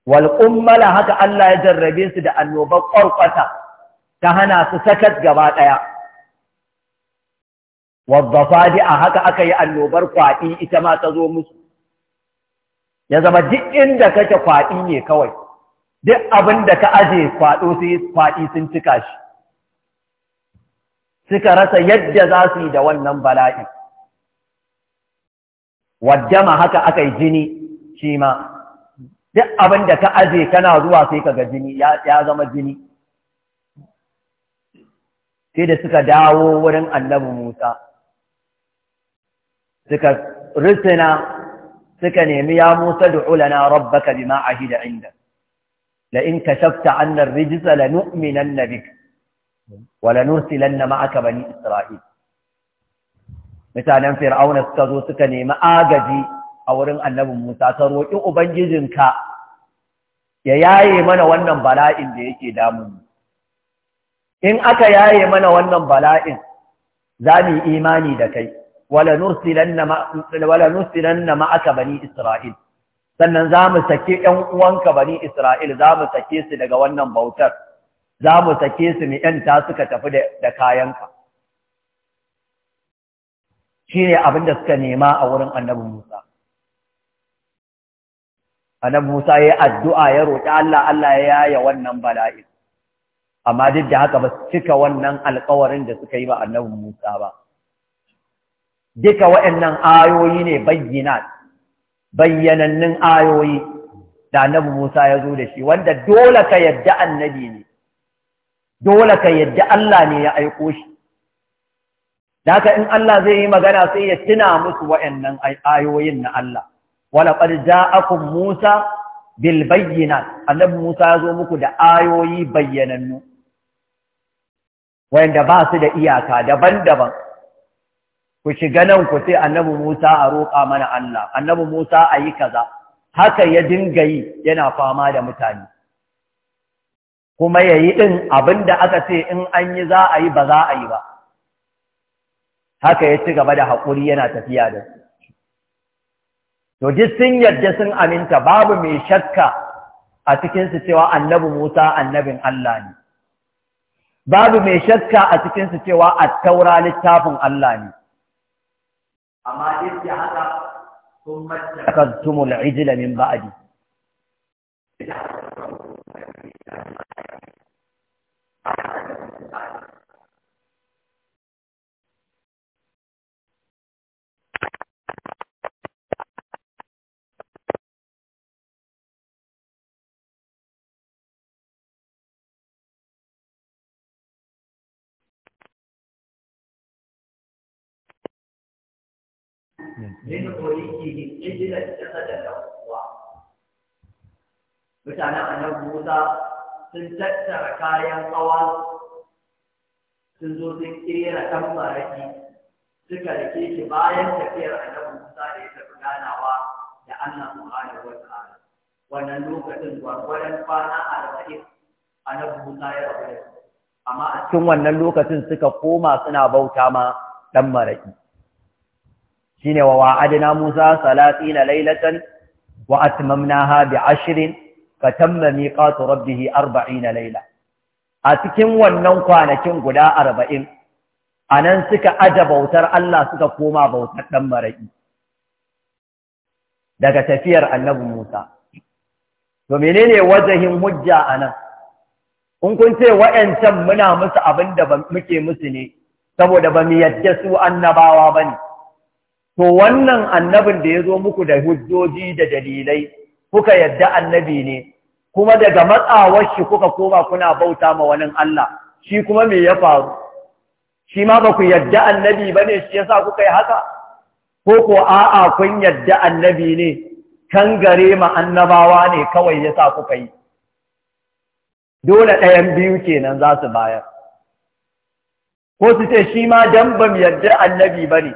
Wal'ummala haka Allah ya jarrabe su da annobar ƙwarƙwata ta hana su sakat gaba ɗaya wadda a haka aka yi annobar kwaɗi ita ma ta zo musu ya zama duk inda kake kwaɗi ne kawai duk abin da ka aje kwaɗo sai kwaɗi sun cika shi suka rasa yadda za su yi da wannan bala'i waddama haka aka yi jini shi ma duk abin da ka aje kana zuwa sai ka ga jini ya zama jini sai da suka dawo wurin annabi musa suka risina suka nemi ya Musa da ulana rabbaka bima ahida inda la in kashafta annar ar-rijza na bik wa lanursilanna ma'aka bani isra'il mutanen fir'auna suka zo suka nemi agaji a wurin annabi Musa ka roki ubangijinka ya yaye mana wannan bala'in da yake damu in aka yaye mana wannan bala'in za mu yi imani da kai wala nursilanna ma'aka bani Isra'il, sannan za mu sake ‘yan uwanka bani Isra'il za mu sake su daga wannan bautar, za mu sake su mai ‘yanta suka tafi da kayanka. Shi ne abin da suka nema a wurin annabi Musa. Annabi Musa ya yi addu'a ya roƙi Allah, Allah ya yaya wannan bala'in, amma duk da haka ba su cika wannan alkawarin da suka yi ba annabi Musa ba. duka waɗannan ayoyi ne bayyana bayyanannun ayoyi da annabi Musa ya zo da shi wanda dole ka yadda annabi ne dole ka yadda Allah ne ya aiko shi haka in Allah zai yi magana sai ya tuna musu waɗannan ayoyin na Allah wala qad ja'akum Musa bil bayyinat annabi Musa ya zo muku da ayoyi bayyanannu wanda ba su da iyaka daban-daban ku shiga nan ku ce annabi Musa a roƙa mana Allah annabi Musa a yi kaza haka ya dinga yi yana fama da mutane kuma ya yi ɗin abin da aka ce in an yi za a yi ba za a yi ba haka ya ci gaba da haƙuri yana tafiya da su to duk sun yarda sun aminta babu mai shakka a cikinsu cewa annabi musa annabin allah ne babu mai shakka a cikinsu cewa a taura littafin allah ne amma duk da haka sun mace kantumul ijla min ba'di
Thank you. min qawlihi ijlan jasadan sun
tattara kayan tsawa sun zo sun kera kan maraki suka rike shi bayan tafiyar annabi Musa da ya tafi ganawa da Allah subhanahu wa ta'ala wannan lokacin gwargwaron kwana arba'in annabi Musa ya rabu da amma a cikin wannan lokacin suka koma suna bauta ma ɗan maraki shine wa wa'adna Musa 30 laylatan wa atmamnaha bi 10 fa tamma miqatu rabbih 40 layla a cikin wannan kwanakin guda 40 anan suka aja bautar Allah suka koma bautar dan maraki daga tafiyar annabi Musa to menene wajahin hujja anan in kun ce wa'yancan muna musu abin da muke musu ne, saboda ba mu yadda su annabawa ba ne, to wannan annabin da ya zo muku da hujjoji da dalilai kuka yadda annabi ne kuma daga matsawar shi kuka koma kuna bauta ma wani Allah shi kuma me ya faru shi ma ba ku yadda annabi ba ne shi ya sa kuka yi haka ko ko a'a kun yadda annabi ne kan gare ma annabawa ne kawai ya sa kuka yi dole ɗayan biyu kenan za su bayar ko su ce shi ma dan ba mu yadda
annabi ba ne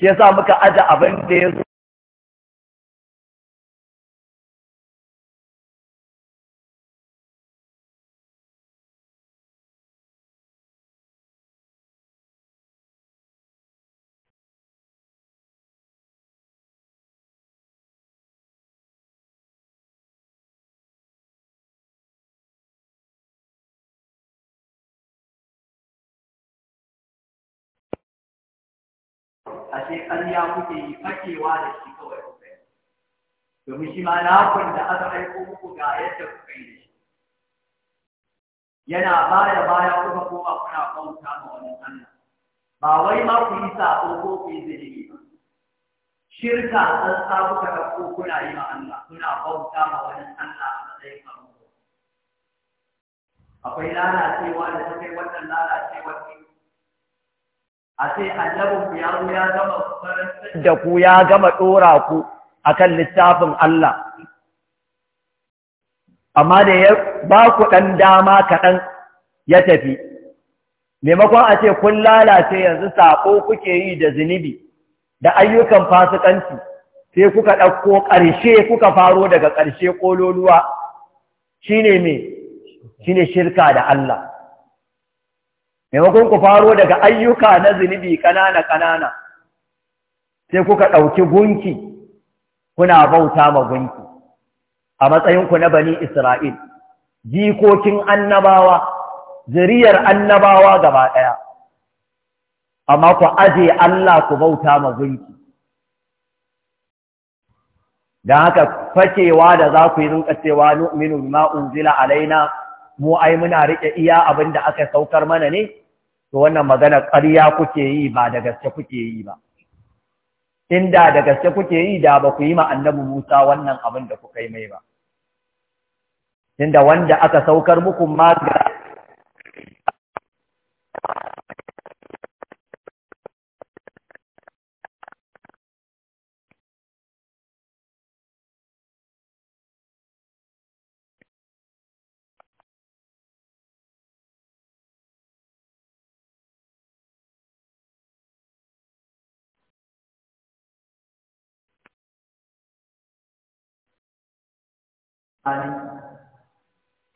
shi yasa muka aje abin da ya zo ce ƙarya kuke yi fakewa da shi kawai kuka yi
domin shi ma nakon da aka aiko muku ga yadda kuka yi da shi
yana baya baya
kuma koma kuna bauta ma wani Allah ba wai ma ku yi sabo ko ku yi zalimi ba shirka an sabu ka ko kuna yi ma Allah kuna bauta ma wani Allah a matsayin ka. akwai lalacewa da ta kai wannan lalacewar a ce ya zo ya gama karantar da ku ya gama dora ku akan littafin Allah amma da ya ba ku dan dama kaɗan ya tafi maimakon a ce kun lalace yanzu saƙo kuke yi da zunubi da ayyukan fasikanci sai kuka ɗauko ƙarshe kuka faro daga ƙarshe ƙololuwa shine me shine shirka da Allah maimakon ku faro daga ayyuka na zunubi ƙanana ƙanana sai kuka ɗauki gunki kuna bauta ma gunki a matsayinku na bani Isra'il jikokin annabawa zuriyar annabawa gaba ɗaya amma ku aje Allah ku bauta ma gunki don haka fakewa da za ku yi rinka cewa nu'minu bima alaina mu ai muna riƙe iya abinda aka saukar mana ne to wannan magana ƙarya kuke yi ba da gaske kuke yi ba inda da gaske kuke yi da ba ku yi ma annabi Musa wannan abin da
kuka yi mai ba
inda wanda aka saukar muku ma
ga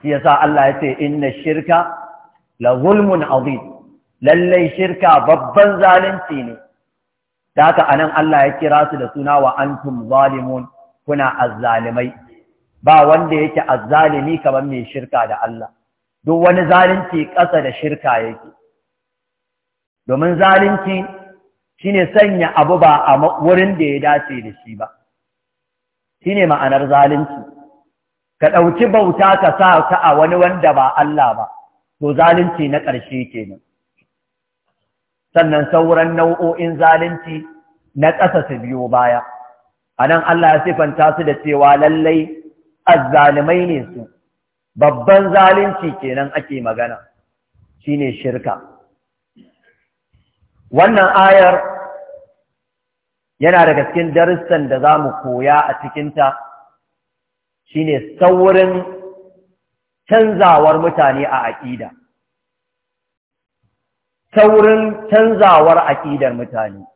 shi yasa Allah ya ce
inna shirka la zulmun azim lallai shirka babban zalunci ne da anan Allah ya kira su da suna wa antum zalimun kuna azzalimai ba wanda yake azzalimi kamar mai shirka da Allah duk wani zalunci ƙasa da shirka yake domin zalunci shine sanya abu ba a wurin da ya dace da shi ba shine ma'anar zalunci ka ɗauki bauta ka sa ka a wani wanda ba Allah ba to zalunci na ƙarshe kenan sannan sauran nau'o'in zalunci na ƙasa su biyo baya A nan Allah ya sifanta su da cewa lallai
azzalumai
ne su babban zalunci kenan ake magana shine shirka wannan ayar yana daga cikin darussan da za mu koya a cikinta Shi ne saurin canzawar mutane a aƙida saurin canzawar aƙidar mutane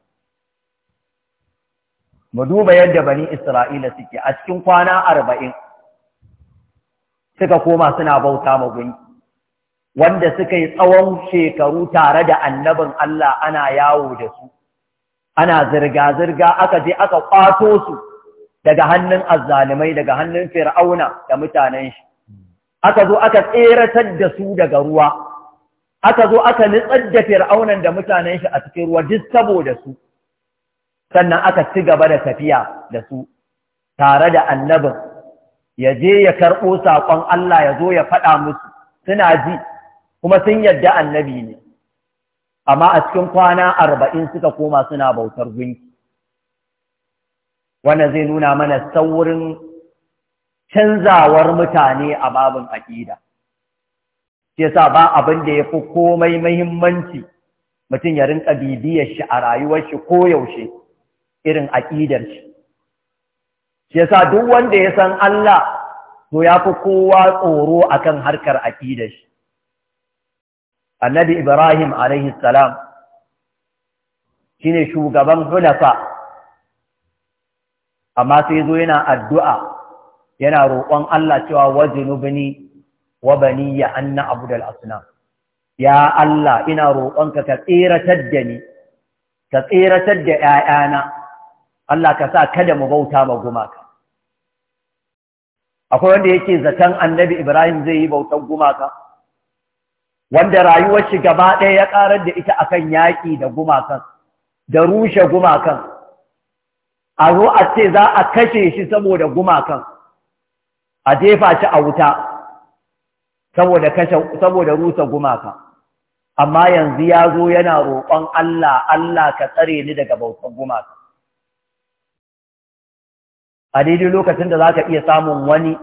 mu duba yadda bani isra'ila suke a cikin kwana arba'in suka koma suna bauta magun wanda suka yi tsawon shekaru tare da annabin Allah ana yawo da su ana zirga-zirga aka je aka ƙwato su daga hannun azzalimai daga hannun fir'auna da mutanen shi aka zo aka tseratar da su daga ruwa aka zo aka nitsar da fir'aunan da mutanen shi a cikin ruwa duk saboda su sannan aka ci gaba da tafiya da su tare da annabin ya je ya karɓo saƙon Allah ya zo ya faɗa musu suna ji kuma sun yadda annabi ne amma a cikin kwana arba'in suka koma suna bautar gunki wanda zai nuna mana saurin canzawar mutane a babin aƙida shi yasa ba abin da ya fi komai mahimmanci mutum ya rinka bibiyar shi a rayuwar shi ko yaushe irin aƙidar shi shi yasa duk wanda ya san Allah to ya fi kowa tsoro akan harkar aƙidar shi annabi ibrahim alaihi salam shine shugaban hulafa amma sai zo yana addu'a yana roƙon Allah cewa wajinubni wa ya anna Abdul asnam ya Allah ina roƙonka ka tseratar da ni ka tseratar da 'ya'yana. Allah ka sa kada mu bauta ma gumaka akwai wanda yake zaton annabi Ibrahim zai yi bautan gumaka wanda rayuwar shi gaba ɗaya ya ƙarar da ita akan yaƙi da gumakan da rushe gumakan a zo a ce za a kashe shi saboda gumakan a jefa shi a wuta saboda rusa gumaka amma yanzu ya zo yana roƙon Allah Allah ka tsare ni daga bautan gumaka a daidai lokacin da za ka iya samun wani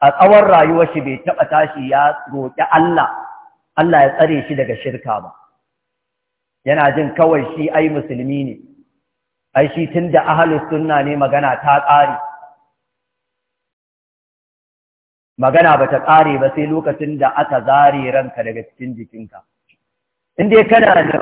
a tsawon rayuwar shi bai taɓa tashi ya roƙi Allah Allah ya tsare shi daga shirka ba yana jin kawai shi ai musulmi ne ai shi tunda ahlus sunna ne magana ta ƙare magana bata ƙare ba sai lokacin da aka
zare ranka daga cikin jikinka in dai kana da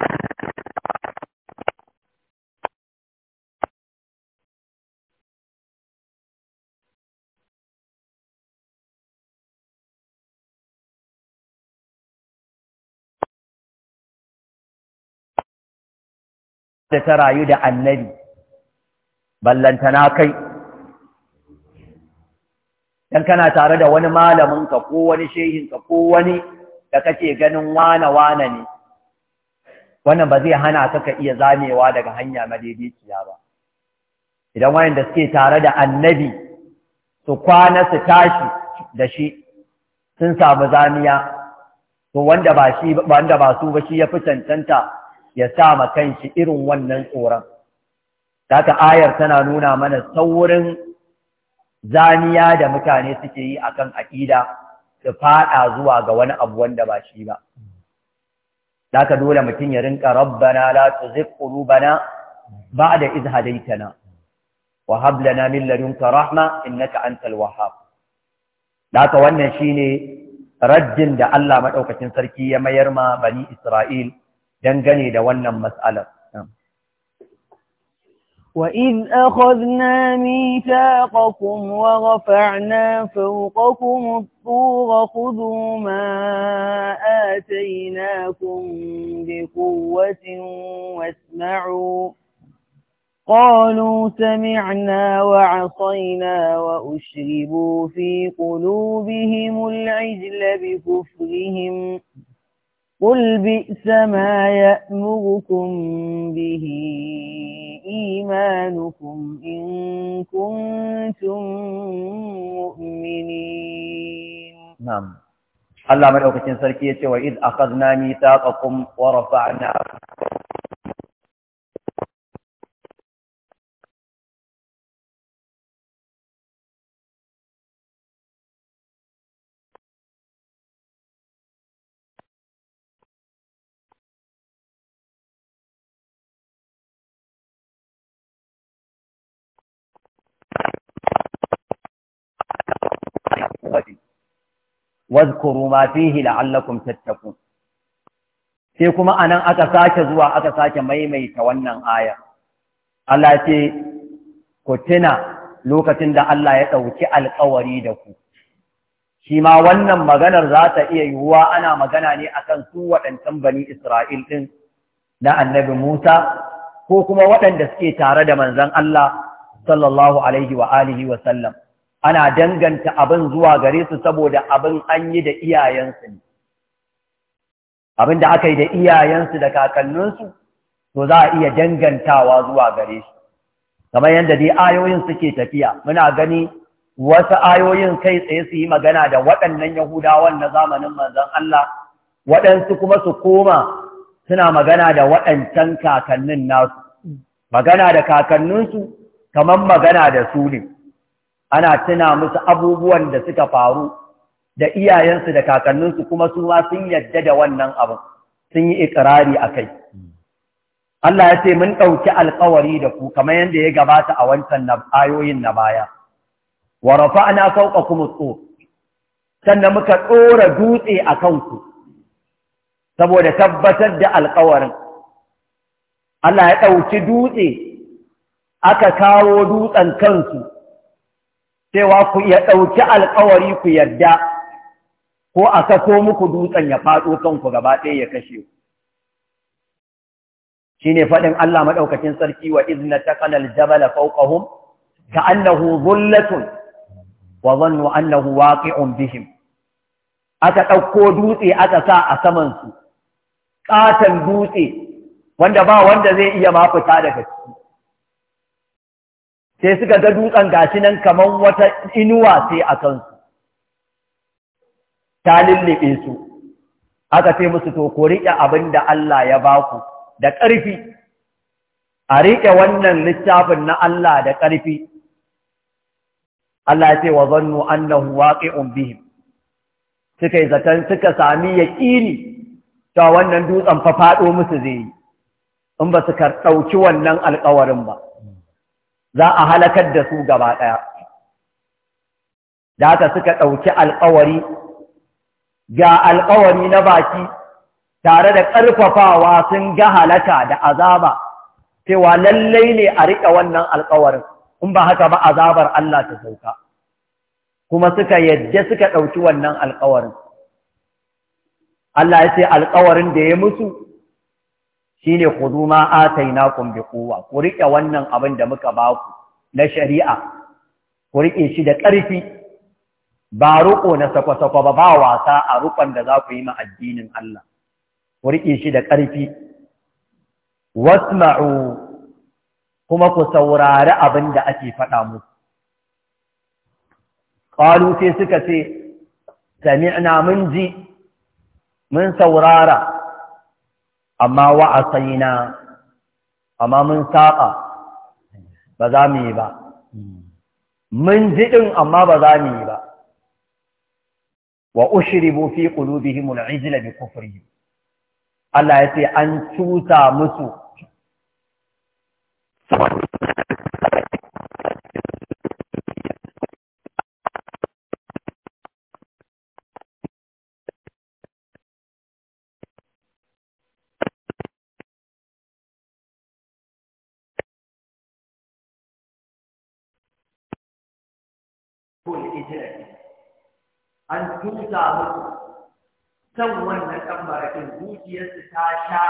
da ta rayu da annabi ballantana kai
dan kana tare da wani malamin ka ko wani shehin ka ko wani da kake ganin wana wana ne wannan ba zai hana ka ka iya zamewa daga hanya madaidaiciya ba idan wayanda suke tare da annabi su kwana su tashi da shi sun samu zamiya to wanda ba shi wanda ba su ba shi ya fi cancanta ya sa ma kanshi irin wannan tsoron Taka ayar tana nuna mana saurin zaniya da mutane suke yi akan aƙida su faɗa zuwa ga wani abu wanda ba shi ba. Daka dole mutum ya rinka rabbana la tuzigh qulubana ba'da idh hadaytana wa hab lana min ladunka rahma innaka antal wahhab. Taka wannan shine raddin da Allah madaukakin sarki ya mayar ma bani Isra'il dangane da wannan mas'alar.
وَإِذْ أَخَذْنَا مِيثَاقَكُمْ وَرَفَعْنَا فَوْقَكُمُ الطُّورَ خُذُوا مَا آتَيْنَاكُمْ بِقُوَّةٍ وَاسْمَعُوا قالوا سمعنا وعصينا وأشربوا في قلوبهم العجل بكفرهم قل بئس ما يأمركم به إيمانكم إن كنتم
مؤمنين نعم الله ملوكة
سركية وإذ أخذنا ميثاقكم ورفعنا faɗi wazkuru ma fihi
la'allakum tattaqun sai kuma anan aka sake zuwa aka sake maimaita wannan aya Allah ce ku tuna lokacin da Allah ya ɗauki alƙawari da ku shi ma wannan maganar za ta iya yiwuwa ana magana ne akan su waɗancan bani Isra'il ɗin na annabi Musa ko kuma waɗanda suke tare da manzon Allah sallallahu alaihi wa alihi wa sallam ana danganta abin zuwa gare su saboda abin an yi da iyayensu ne abin da aka yi da iyayensu da kakanninsu to za a iya dangantawa zuwa gare su. kamar yadda dai ayoyin suke tafiya muna gani wasu ayoyin kai tsaye su yi magana da waɗannan yahudawan na zamanin manzon Allah waɗansu kuma su koma suna magana da waɗancan kakannin nasu magana da kakanninsu kamar magana da su ne ana tuna musu abubuwan da suka faru da iyayensu da kakanninsu kuma su ma sun yadda da wannan abin sun yi ikirari a kai Allah ya ce mun ɗauki alkawari da ku kamar yadda ya gabata a wancan ayoyin na baya wa rafa'na sauƙa kuma tso, sannan muka ɗora dutse a kanku saboda tabbatar da alkawarin Allah ya ɗauki dutse aka kawo dutsen kansu cewa ku ya ɗauki alkawari ku yarda ko a kaso muku dutsen ya faɗo kanku gaba ɗaya ya kashe ku shine faɗin Allah maɗaukacin sarki wa izna taqanal jabala ta annahu dhullatun wa dhannu annahu waqi'un bihim aka ɗauko dutse aka sa a saman su ƙaton dutse wanda ba wanda zai iya mafita daga ciki sai suka ga dutsen gashi nan kamar wata inuwa sai a kansu ta lullube su aka ce musu to ku riƙe abin da Allah ya baku da ƙarfi a riƙe wannan littafin na Allah da ƙarfi Allah ya ce wa zannu annahu waqi'un bihim suka yi zaton suka sami yaƙini ta wannan dutsen fa faɗo musu zai yi in ba su ɗauki wannan alƙawarin ba za a halakar da su gaba ɗaya da suka ɗauki alƙawari ga alƙawari na baki tare da ƙarfafawa sun ga halaka da azaba cewa lallai ne a riƙa wannan alƙawarin in ba haka ba azabar Allah ta sauka kuma suka yadda suka ɗauki wannan alƙawarin Allah ya ce alƙawarin da ya mutu. shine khudu ma atainakum bi kowa ku riƙe wannan abin da muka ba ku na shari'a ku rike shi da ƙarfi ba ruko na sako-sako ba ba wasa a riƙon da za ku yi ma addinin Allah ku rike shi da ƙarfi wasma'u kuma ku saurari abin da ake faɗa mu qalu sai suka ce sami'na mun ji mun saurara amma wa'asaina amma mun saƙa ba za mu yi ba mun ji din amma ba za mu yi ba wa ushiri ushribu fi qulubihim al'izla bi kufrihim Allah ya ce an cuta musu
an tuta musu kan
wannan ɗan marakin zuciyarsu ta sha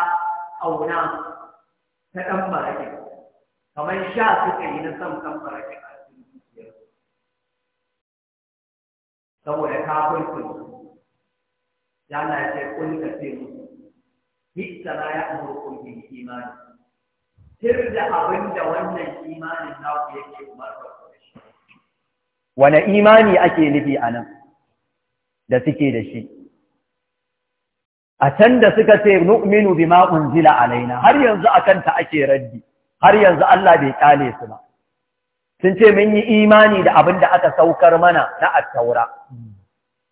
auna ta ɗan
marakin kamar sha suka yi na son ɗan marakin a cikin zuciyarsu saboda kafirkin ya na ce kulka ce musu hikka na ya amurkun bin imani
tir da abin da wannan imanin na ku yake umarta ku da shi wane imani ake nufi a nan da suke da shi a can da suka ce nu'minu bima unzila alaina har yanzu a kanta ake raddi har yanzu Allah bai kyale su ba sun ce mun yi imani da abin da aka saukar mana na attaura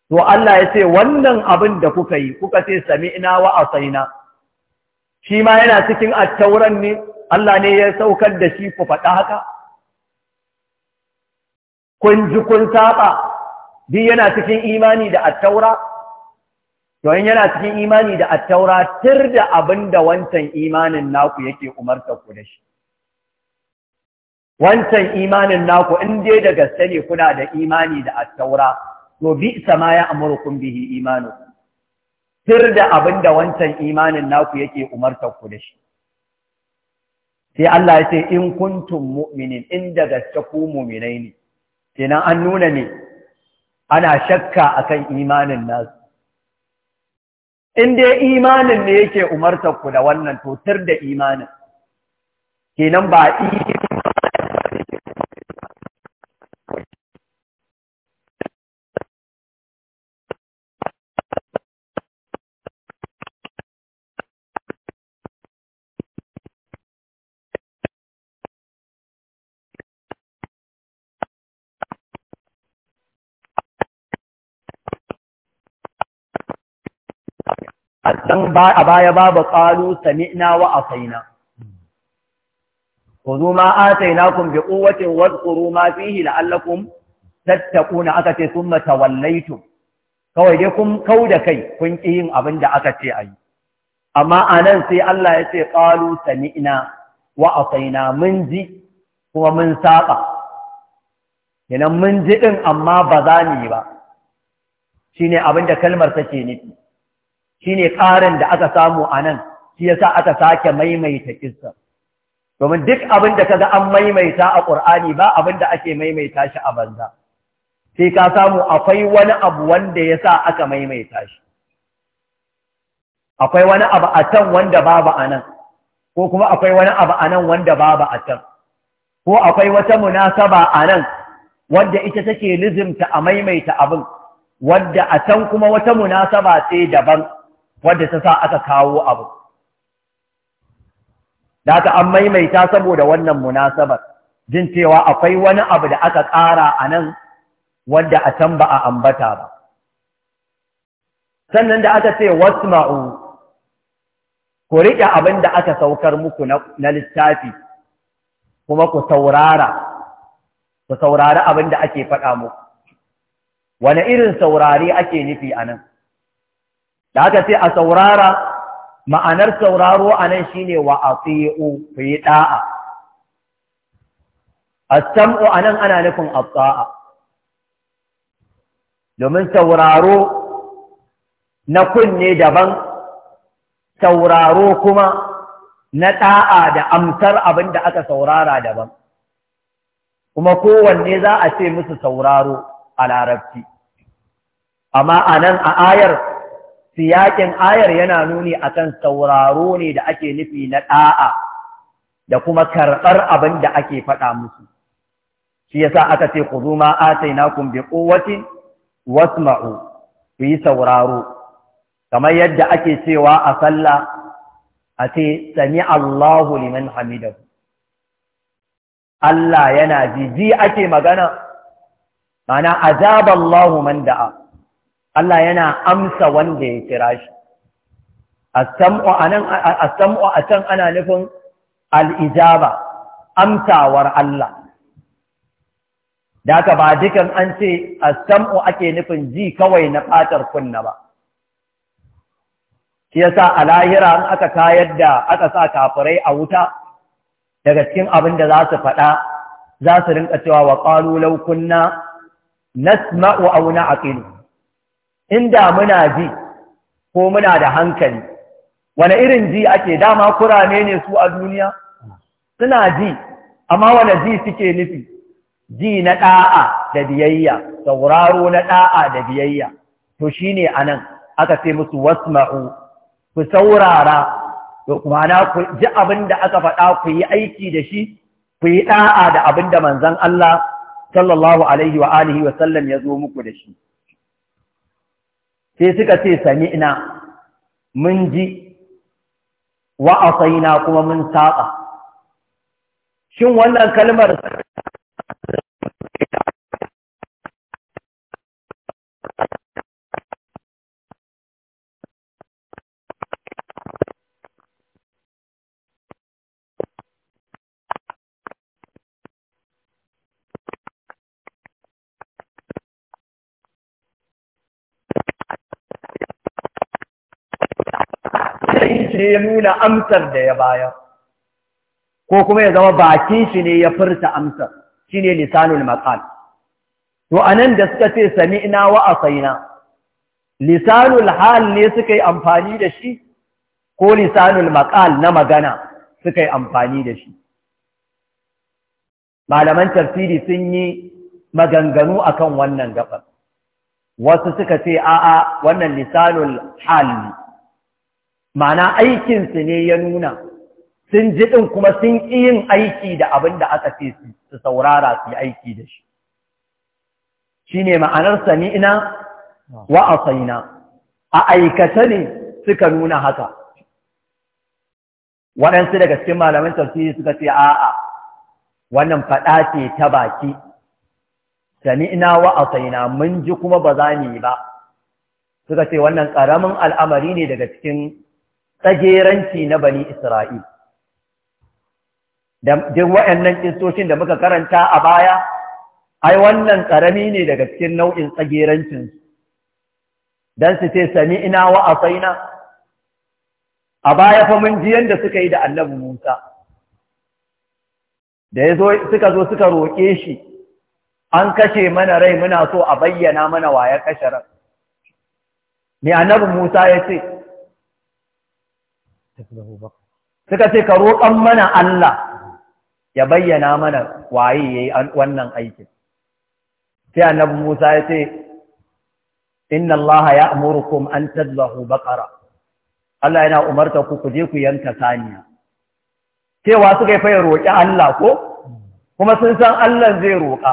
to Allah ya ce wannan abin da kuka yi kuka ce ina wa a saina, shi ma yana cikin attauran ne Allah ne ya saukar da shi ku faɗa haka kun ji kun saba din yana cikin imani da attaura to in yana cikin imani da attaura tir da abinda wancan imanin naku yake umarta ku da shi wancan imanin naku in dai da gaske ne kuna da imani da attaura to bi sama ya amurkum bihi imanu tir da abinda wancan imanin naku yake umarta ku da shi sai Allah ya ce in kuntum mu'minin in daga gaske ku mu'minai ne kenan an nuna ne ana shakka akan imanin nasu in dai imanin ne yake umartar ku da wannan totar da imanin
kenan ba dan a baya babu qalu sami'na wa asaina
khudhu ma atainakum bi quwwatin wadhkuru ma fihi la'allakum tattaquna aka ce summa tawallaitum kawai dai kun kauda kai kun ki yin abin da aka ce ayi amma anan sai Allah ya ce qalu sami'na wa asaina mun ji kuma mun saba kenan mun ji din amma ba za ni ba shine abin da kalmar take nufi shine ƙarin da aka samu a nan shi yasa aka sake maimaita kissa domin duk abin da kaga an maimaita a Qur'ani ba abin da ake maimaita shi a banza sai ka samu akwai wani abu wanda yasa aka maimaita shi akwai wani abu a can wanda babu a nan ko kuma akwai wani abu a nan wanda babu a can ko akwai wata munasaba a nan wanda ita take lizimta a maimaita abin wadda a can kuma wata munasaba sai daban wadda ta sa aka kawo abu da aka an maimaita saboda wannan munasabar jin cewa akwai wani abu da aka ƙara a nan wadda a can ba a ambata ba sannan da aka ce wasma'u ku riƙe abin da aka saukar muku na littafi kuma ku saurara ku saurari abin da ake faɗa muku wane irin saurari ake nufi a nan da haka sai a saurara ma'anar sauraro a nan shi ne wa a ku yi ɗa'a a sam'u a nan ana nufin tsa'a domin sauraro na kunne daban sauraro kuma na ɗa'a da amsar abin da aka saurara daban kuma kowanne za a ce musu sauraro a larabci amma a nan a ayar siyakin ayar yana nuni akan sauraro ne da ake nufi na ɗa'a da kuma karɓar abin da ake faɗa musu shi yasa aka ce ku zuma atainakum bi quwwatin wasma'u ku yi sauraro kamar yadda ake cewa a salla a ce sami Allahu liman hamidahu Allah yana ji ji ake magana mana azaballahu man da'a Allah yana amsa wanda ya kira shi as-sam'u anan ana nufin al'ijaba, amsawar Allah da haka ba dukan an ce as-sam'u ake nufin ji kawai na fatar kunna ba shi yasa a lahira an aka kayar da aka sa kafirai a wuta daga cikin abin da za su faɗa za su rinka cewa wa kunna, law kunna nasma'u aw na'qilu inda muna ji ko muna da hankali wani irin ji ake dama kurame ne su a duniya suna ji amma wani ji suke nufi ji na ɗa'a da biyayya sauraro na ɗa'a da biyayya to shi a anan aka ce musu wasma'u ku saurara na ku ji abin da aka faɗa ku yi aiki da shi ku yi ɗa'a da abin da manzan Allah sallallahu alaihi wa wa sallam ya zo muku da shi sai suka ce ina, mun ji wa'asai na kuma mun saba
shin wannan kalmar ya nuna amsar da ya bayar
ko kuma ya zama bakin shi ne ya furta amsar shine lisanul maqal to anan da suka ce sami'na wa asaina lisanul hal ne suka yi amfani da shi ko lisanul maqal na magana suka yi amfani da shi malaman tafsiri sun yi maganganu akan wannan gaba wasu suka ce a'a wannan lisanul hal ne ma'ana aikinsu ne ya nuna sun ji ɗin kuma sun ƙi yin aiki da abin da aka ce su saurara su yi aiki da shi shi ne ma'anar sami'ina wa asaina a aikata ne suka nuna haka waɗansu daga cikin malamin tafsiri suka ce a'a wannan faɗa ce ta baki sami'ina wa asaina mun ji kuma ba za mu ba suka ce wannan ƙaramin al'amari ne daga cikin tsageranci na bani Isra'il. Duk waɗannan kistocin da muka karanta a baya, ai wannan ƙarami ne daga cikin nau'in tsagerancinsu, don su ce sami ina wa a faina, a baya fa mun ji yadda suka yi da Allah Musa, da suka zo suka roƙe shi, an kashe mana rai muna so a bayyana mana waya kashe ran. Me annabi Musa ya ce, suka ce ka roƙon mana Allah ya bayyana mana waye ya yi wannan aikin sai annabi Musa ya ce inna Allah ya'murukum an tadhbahu baƙara. Allah yana umarta ku ku je ku yanka saniya cewa suka yi fa roƙi Allah ko kuma sun san Allah zai roƙa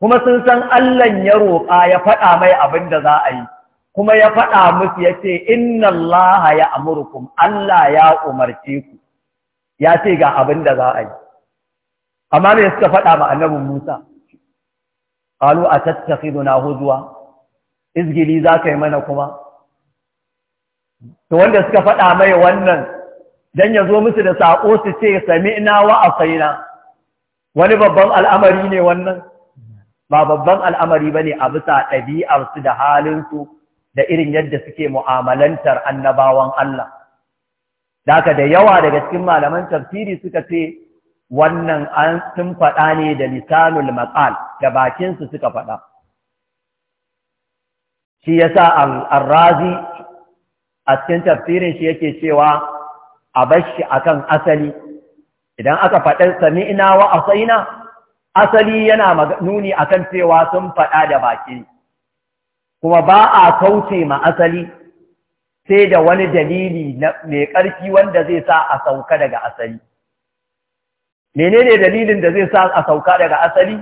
kuma sun san Allah ya roƙa ya faɗa mai abin da za a yi kuma ya faɗa musu ya ce inna allaha ya amurkum Allah ya umarce ku ya ce ga abin da za a yi amma me suka faɗa ma annabin Musa qalu na huzwa izgili za ka yi mana kuma to wanda suka faɗa mai wannan dan ya zo musu da sako su ce sami'na wa asaina wani babban al'amari ne wannan ba babban al'amari bane a bisa ɗabi'arsu da halinsu da irin yadda suke mu'amalantar annabawan Allah. Daka da yawa daga cikin malaman tafsiri suka ce wannan an sun faɗa ne da lisanul maqal da bakinsu suka faɗa. Shi yasa al-Razi a cikin tafsirin shi yake cewa a bashi akan asali idan aka faɗa sami'na wa asaina asali yana nuni akan cewa sun faɗa da baki kuma ba a kauce ma asali sai da wani dalili mai ƙarfi wanda zai sa a sauka daga asali menene dalilin da zai sa a sauka daga asali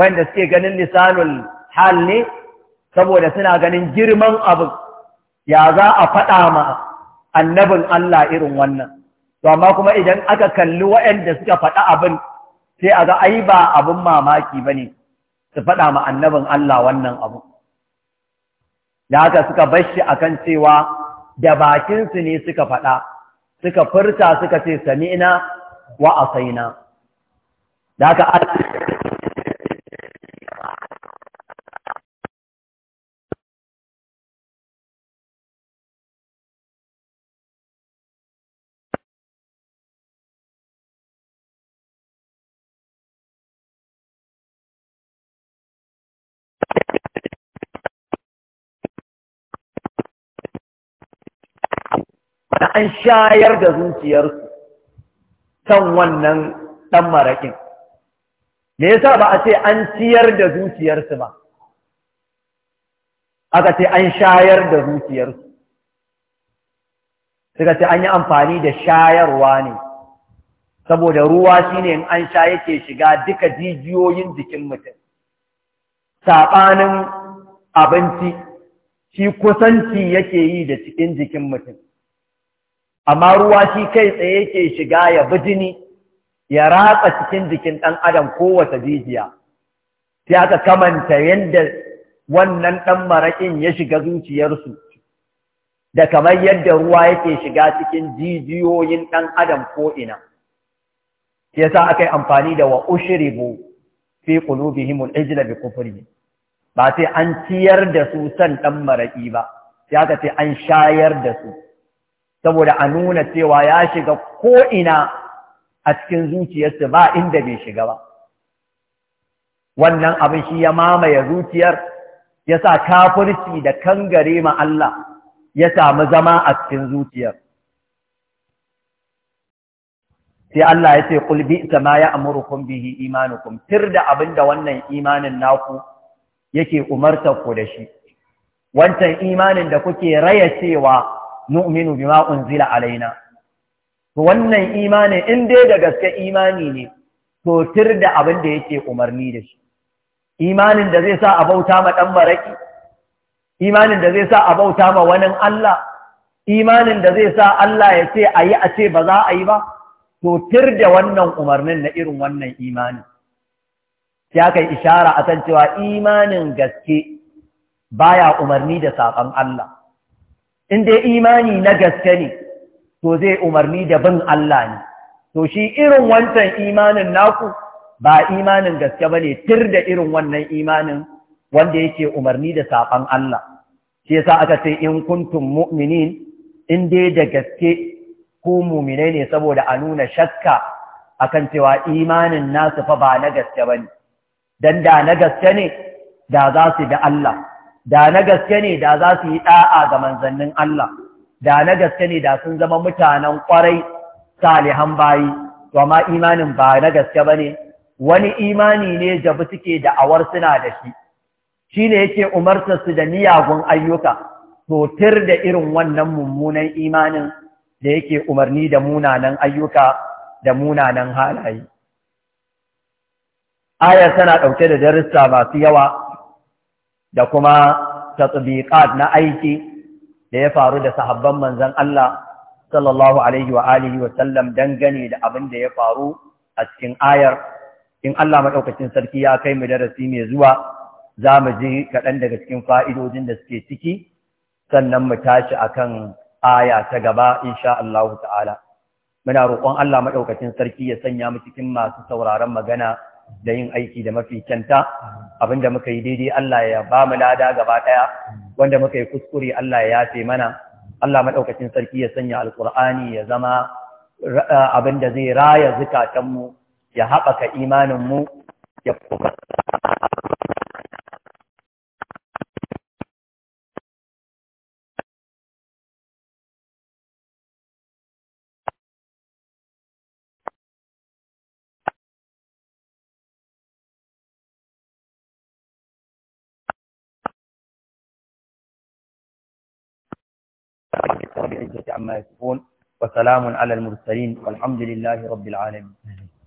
wanda suke ganin lisanul hal ne saboda suna ganin girman abin ya za a faɗa ma annabin Allah irin wannan to amma kuma idan aka kalli waɗanda suka faɗa abin sai a ga ai ba abin mamaki ba ne, su faɗa ma annabin Allah wannan abu da haka suka bashi akan cewa da bakinsu ne suka faɗa suka furta suka ce sami'na wa
asaina da haka da an shayar da zuciyarsu kan wannan
ɗan maraƙin me yasa ba a ce an ciyar da zuciyarsu ba aka ce an shayar da zuciyarsu suka ce an yi amfani da shayarwa ne saboda ruwa shine in an sha yake shiga duka jijiyoyin jikin mutum saɓanin abinci shi kusanci yake yi da cikin jikin mutum amma ruwa shi kai tsaye yake shiga ya bi jini ya ratsa cikin jikin ɗan adam kowace jijiya sai aka kamanta yadda wannan ɗan maraƙin ya shiga zuciyarsu da kamar yadda ruwa yake shiga cikin jijiyoyin ɗan adam ko'ina ya sa aka yi amfani da wa ushribu fi qulubihim al-ijla bi kufri ba sai an ciyar da su san ɗan maraƙi ba sai aka ce an shayar da su saboda a nuna cewa ya shiga ko'ina a cikin zuciyarsa ba inda bai shiga ba wannan abin shi ya mamaye zuciyar ya sa kafirci da kangare ma Allah ya samu zama a cikin zuciyar sai Allah ya ce kulbi bi'sa ma ya'murukum bihi da abin abinda wannan imanin naku yake umartar ku da shi wancan imanin da kuke raya cewa nu'minu bima unzila alaina to wannan imani in dai da gaske imani ne to tir da abin da yake umarni da shi imanin da zai sa a bauta ma dan maraki imanin da zai sa a bauta ma wani Allah imanin da zai sa Allah ya ce ayi a ce ba za a yi ba to tir da wannan umarnin na irin wannan imani sai aka yi ishara akan cewa imanin gaske baya umarni da sakon Allah in dai imani na gaske ne to zai umarni da bin Allah ne to shi irin wancan imanin naku ba imanin gaske bane tir da irin wannan imanin wanda yake umarni da saban Allah shi yasa aka ce in kuntum mu'minin in dai da gaske ku mu'minai ne saboda a nuna shakka akan cewa imanin nasu fa ba na gaske bane dan da na gaske ne da za su da Allah da na gaske ne da za su yi ɗa'a ga manzannin Allah da na gaske ne da sun zama mutanen ƙwarai salihan bayi wa ma imanin ba na gaske ba ne wani imani ne jabi suke da'awar suna da shi shi ne yake umarta su da miyagun ayyuka to da irin wannan mummunan imanin da yake umarni da munanan ayyuka da munanan halaye Ayar tana ɗauke da darussa masu yawa da kuma tatbiqat na aiki da ya faru da sahabban manzon Allah sallallahu alaihi wa wa sallam dangane da abin da ya faru a cikin ayar in Allah maɗaukacin sarki ya kai mu darasi mai zuwa za mu ji kaɗan daga cikin fa'idodin da suke ciki sannan mu tashi a kan aya ta gaba insha Allah ta'ala muna roƙon Allah maɗaukacin sarki ya sanya mu cikin masu sauraron magana da yin aiki da mafi kyanta abinda muka yi daidai Allah ya ba mu lada gaba daya wanda muka yi kuskure Allah ya yafe mana Allah madaukakin sarki ya sanya alqur'ani ya zama abinda zai raya zukatan
mu ya haɓaka imanin mu ya kuma عما يصفون وسلام على المرسلين والحمد لله رب العالمين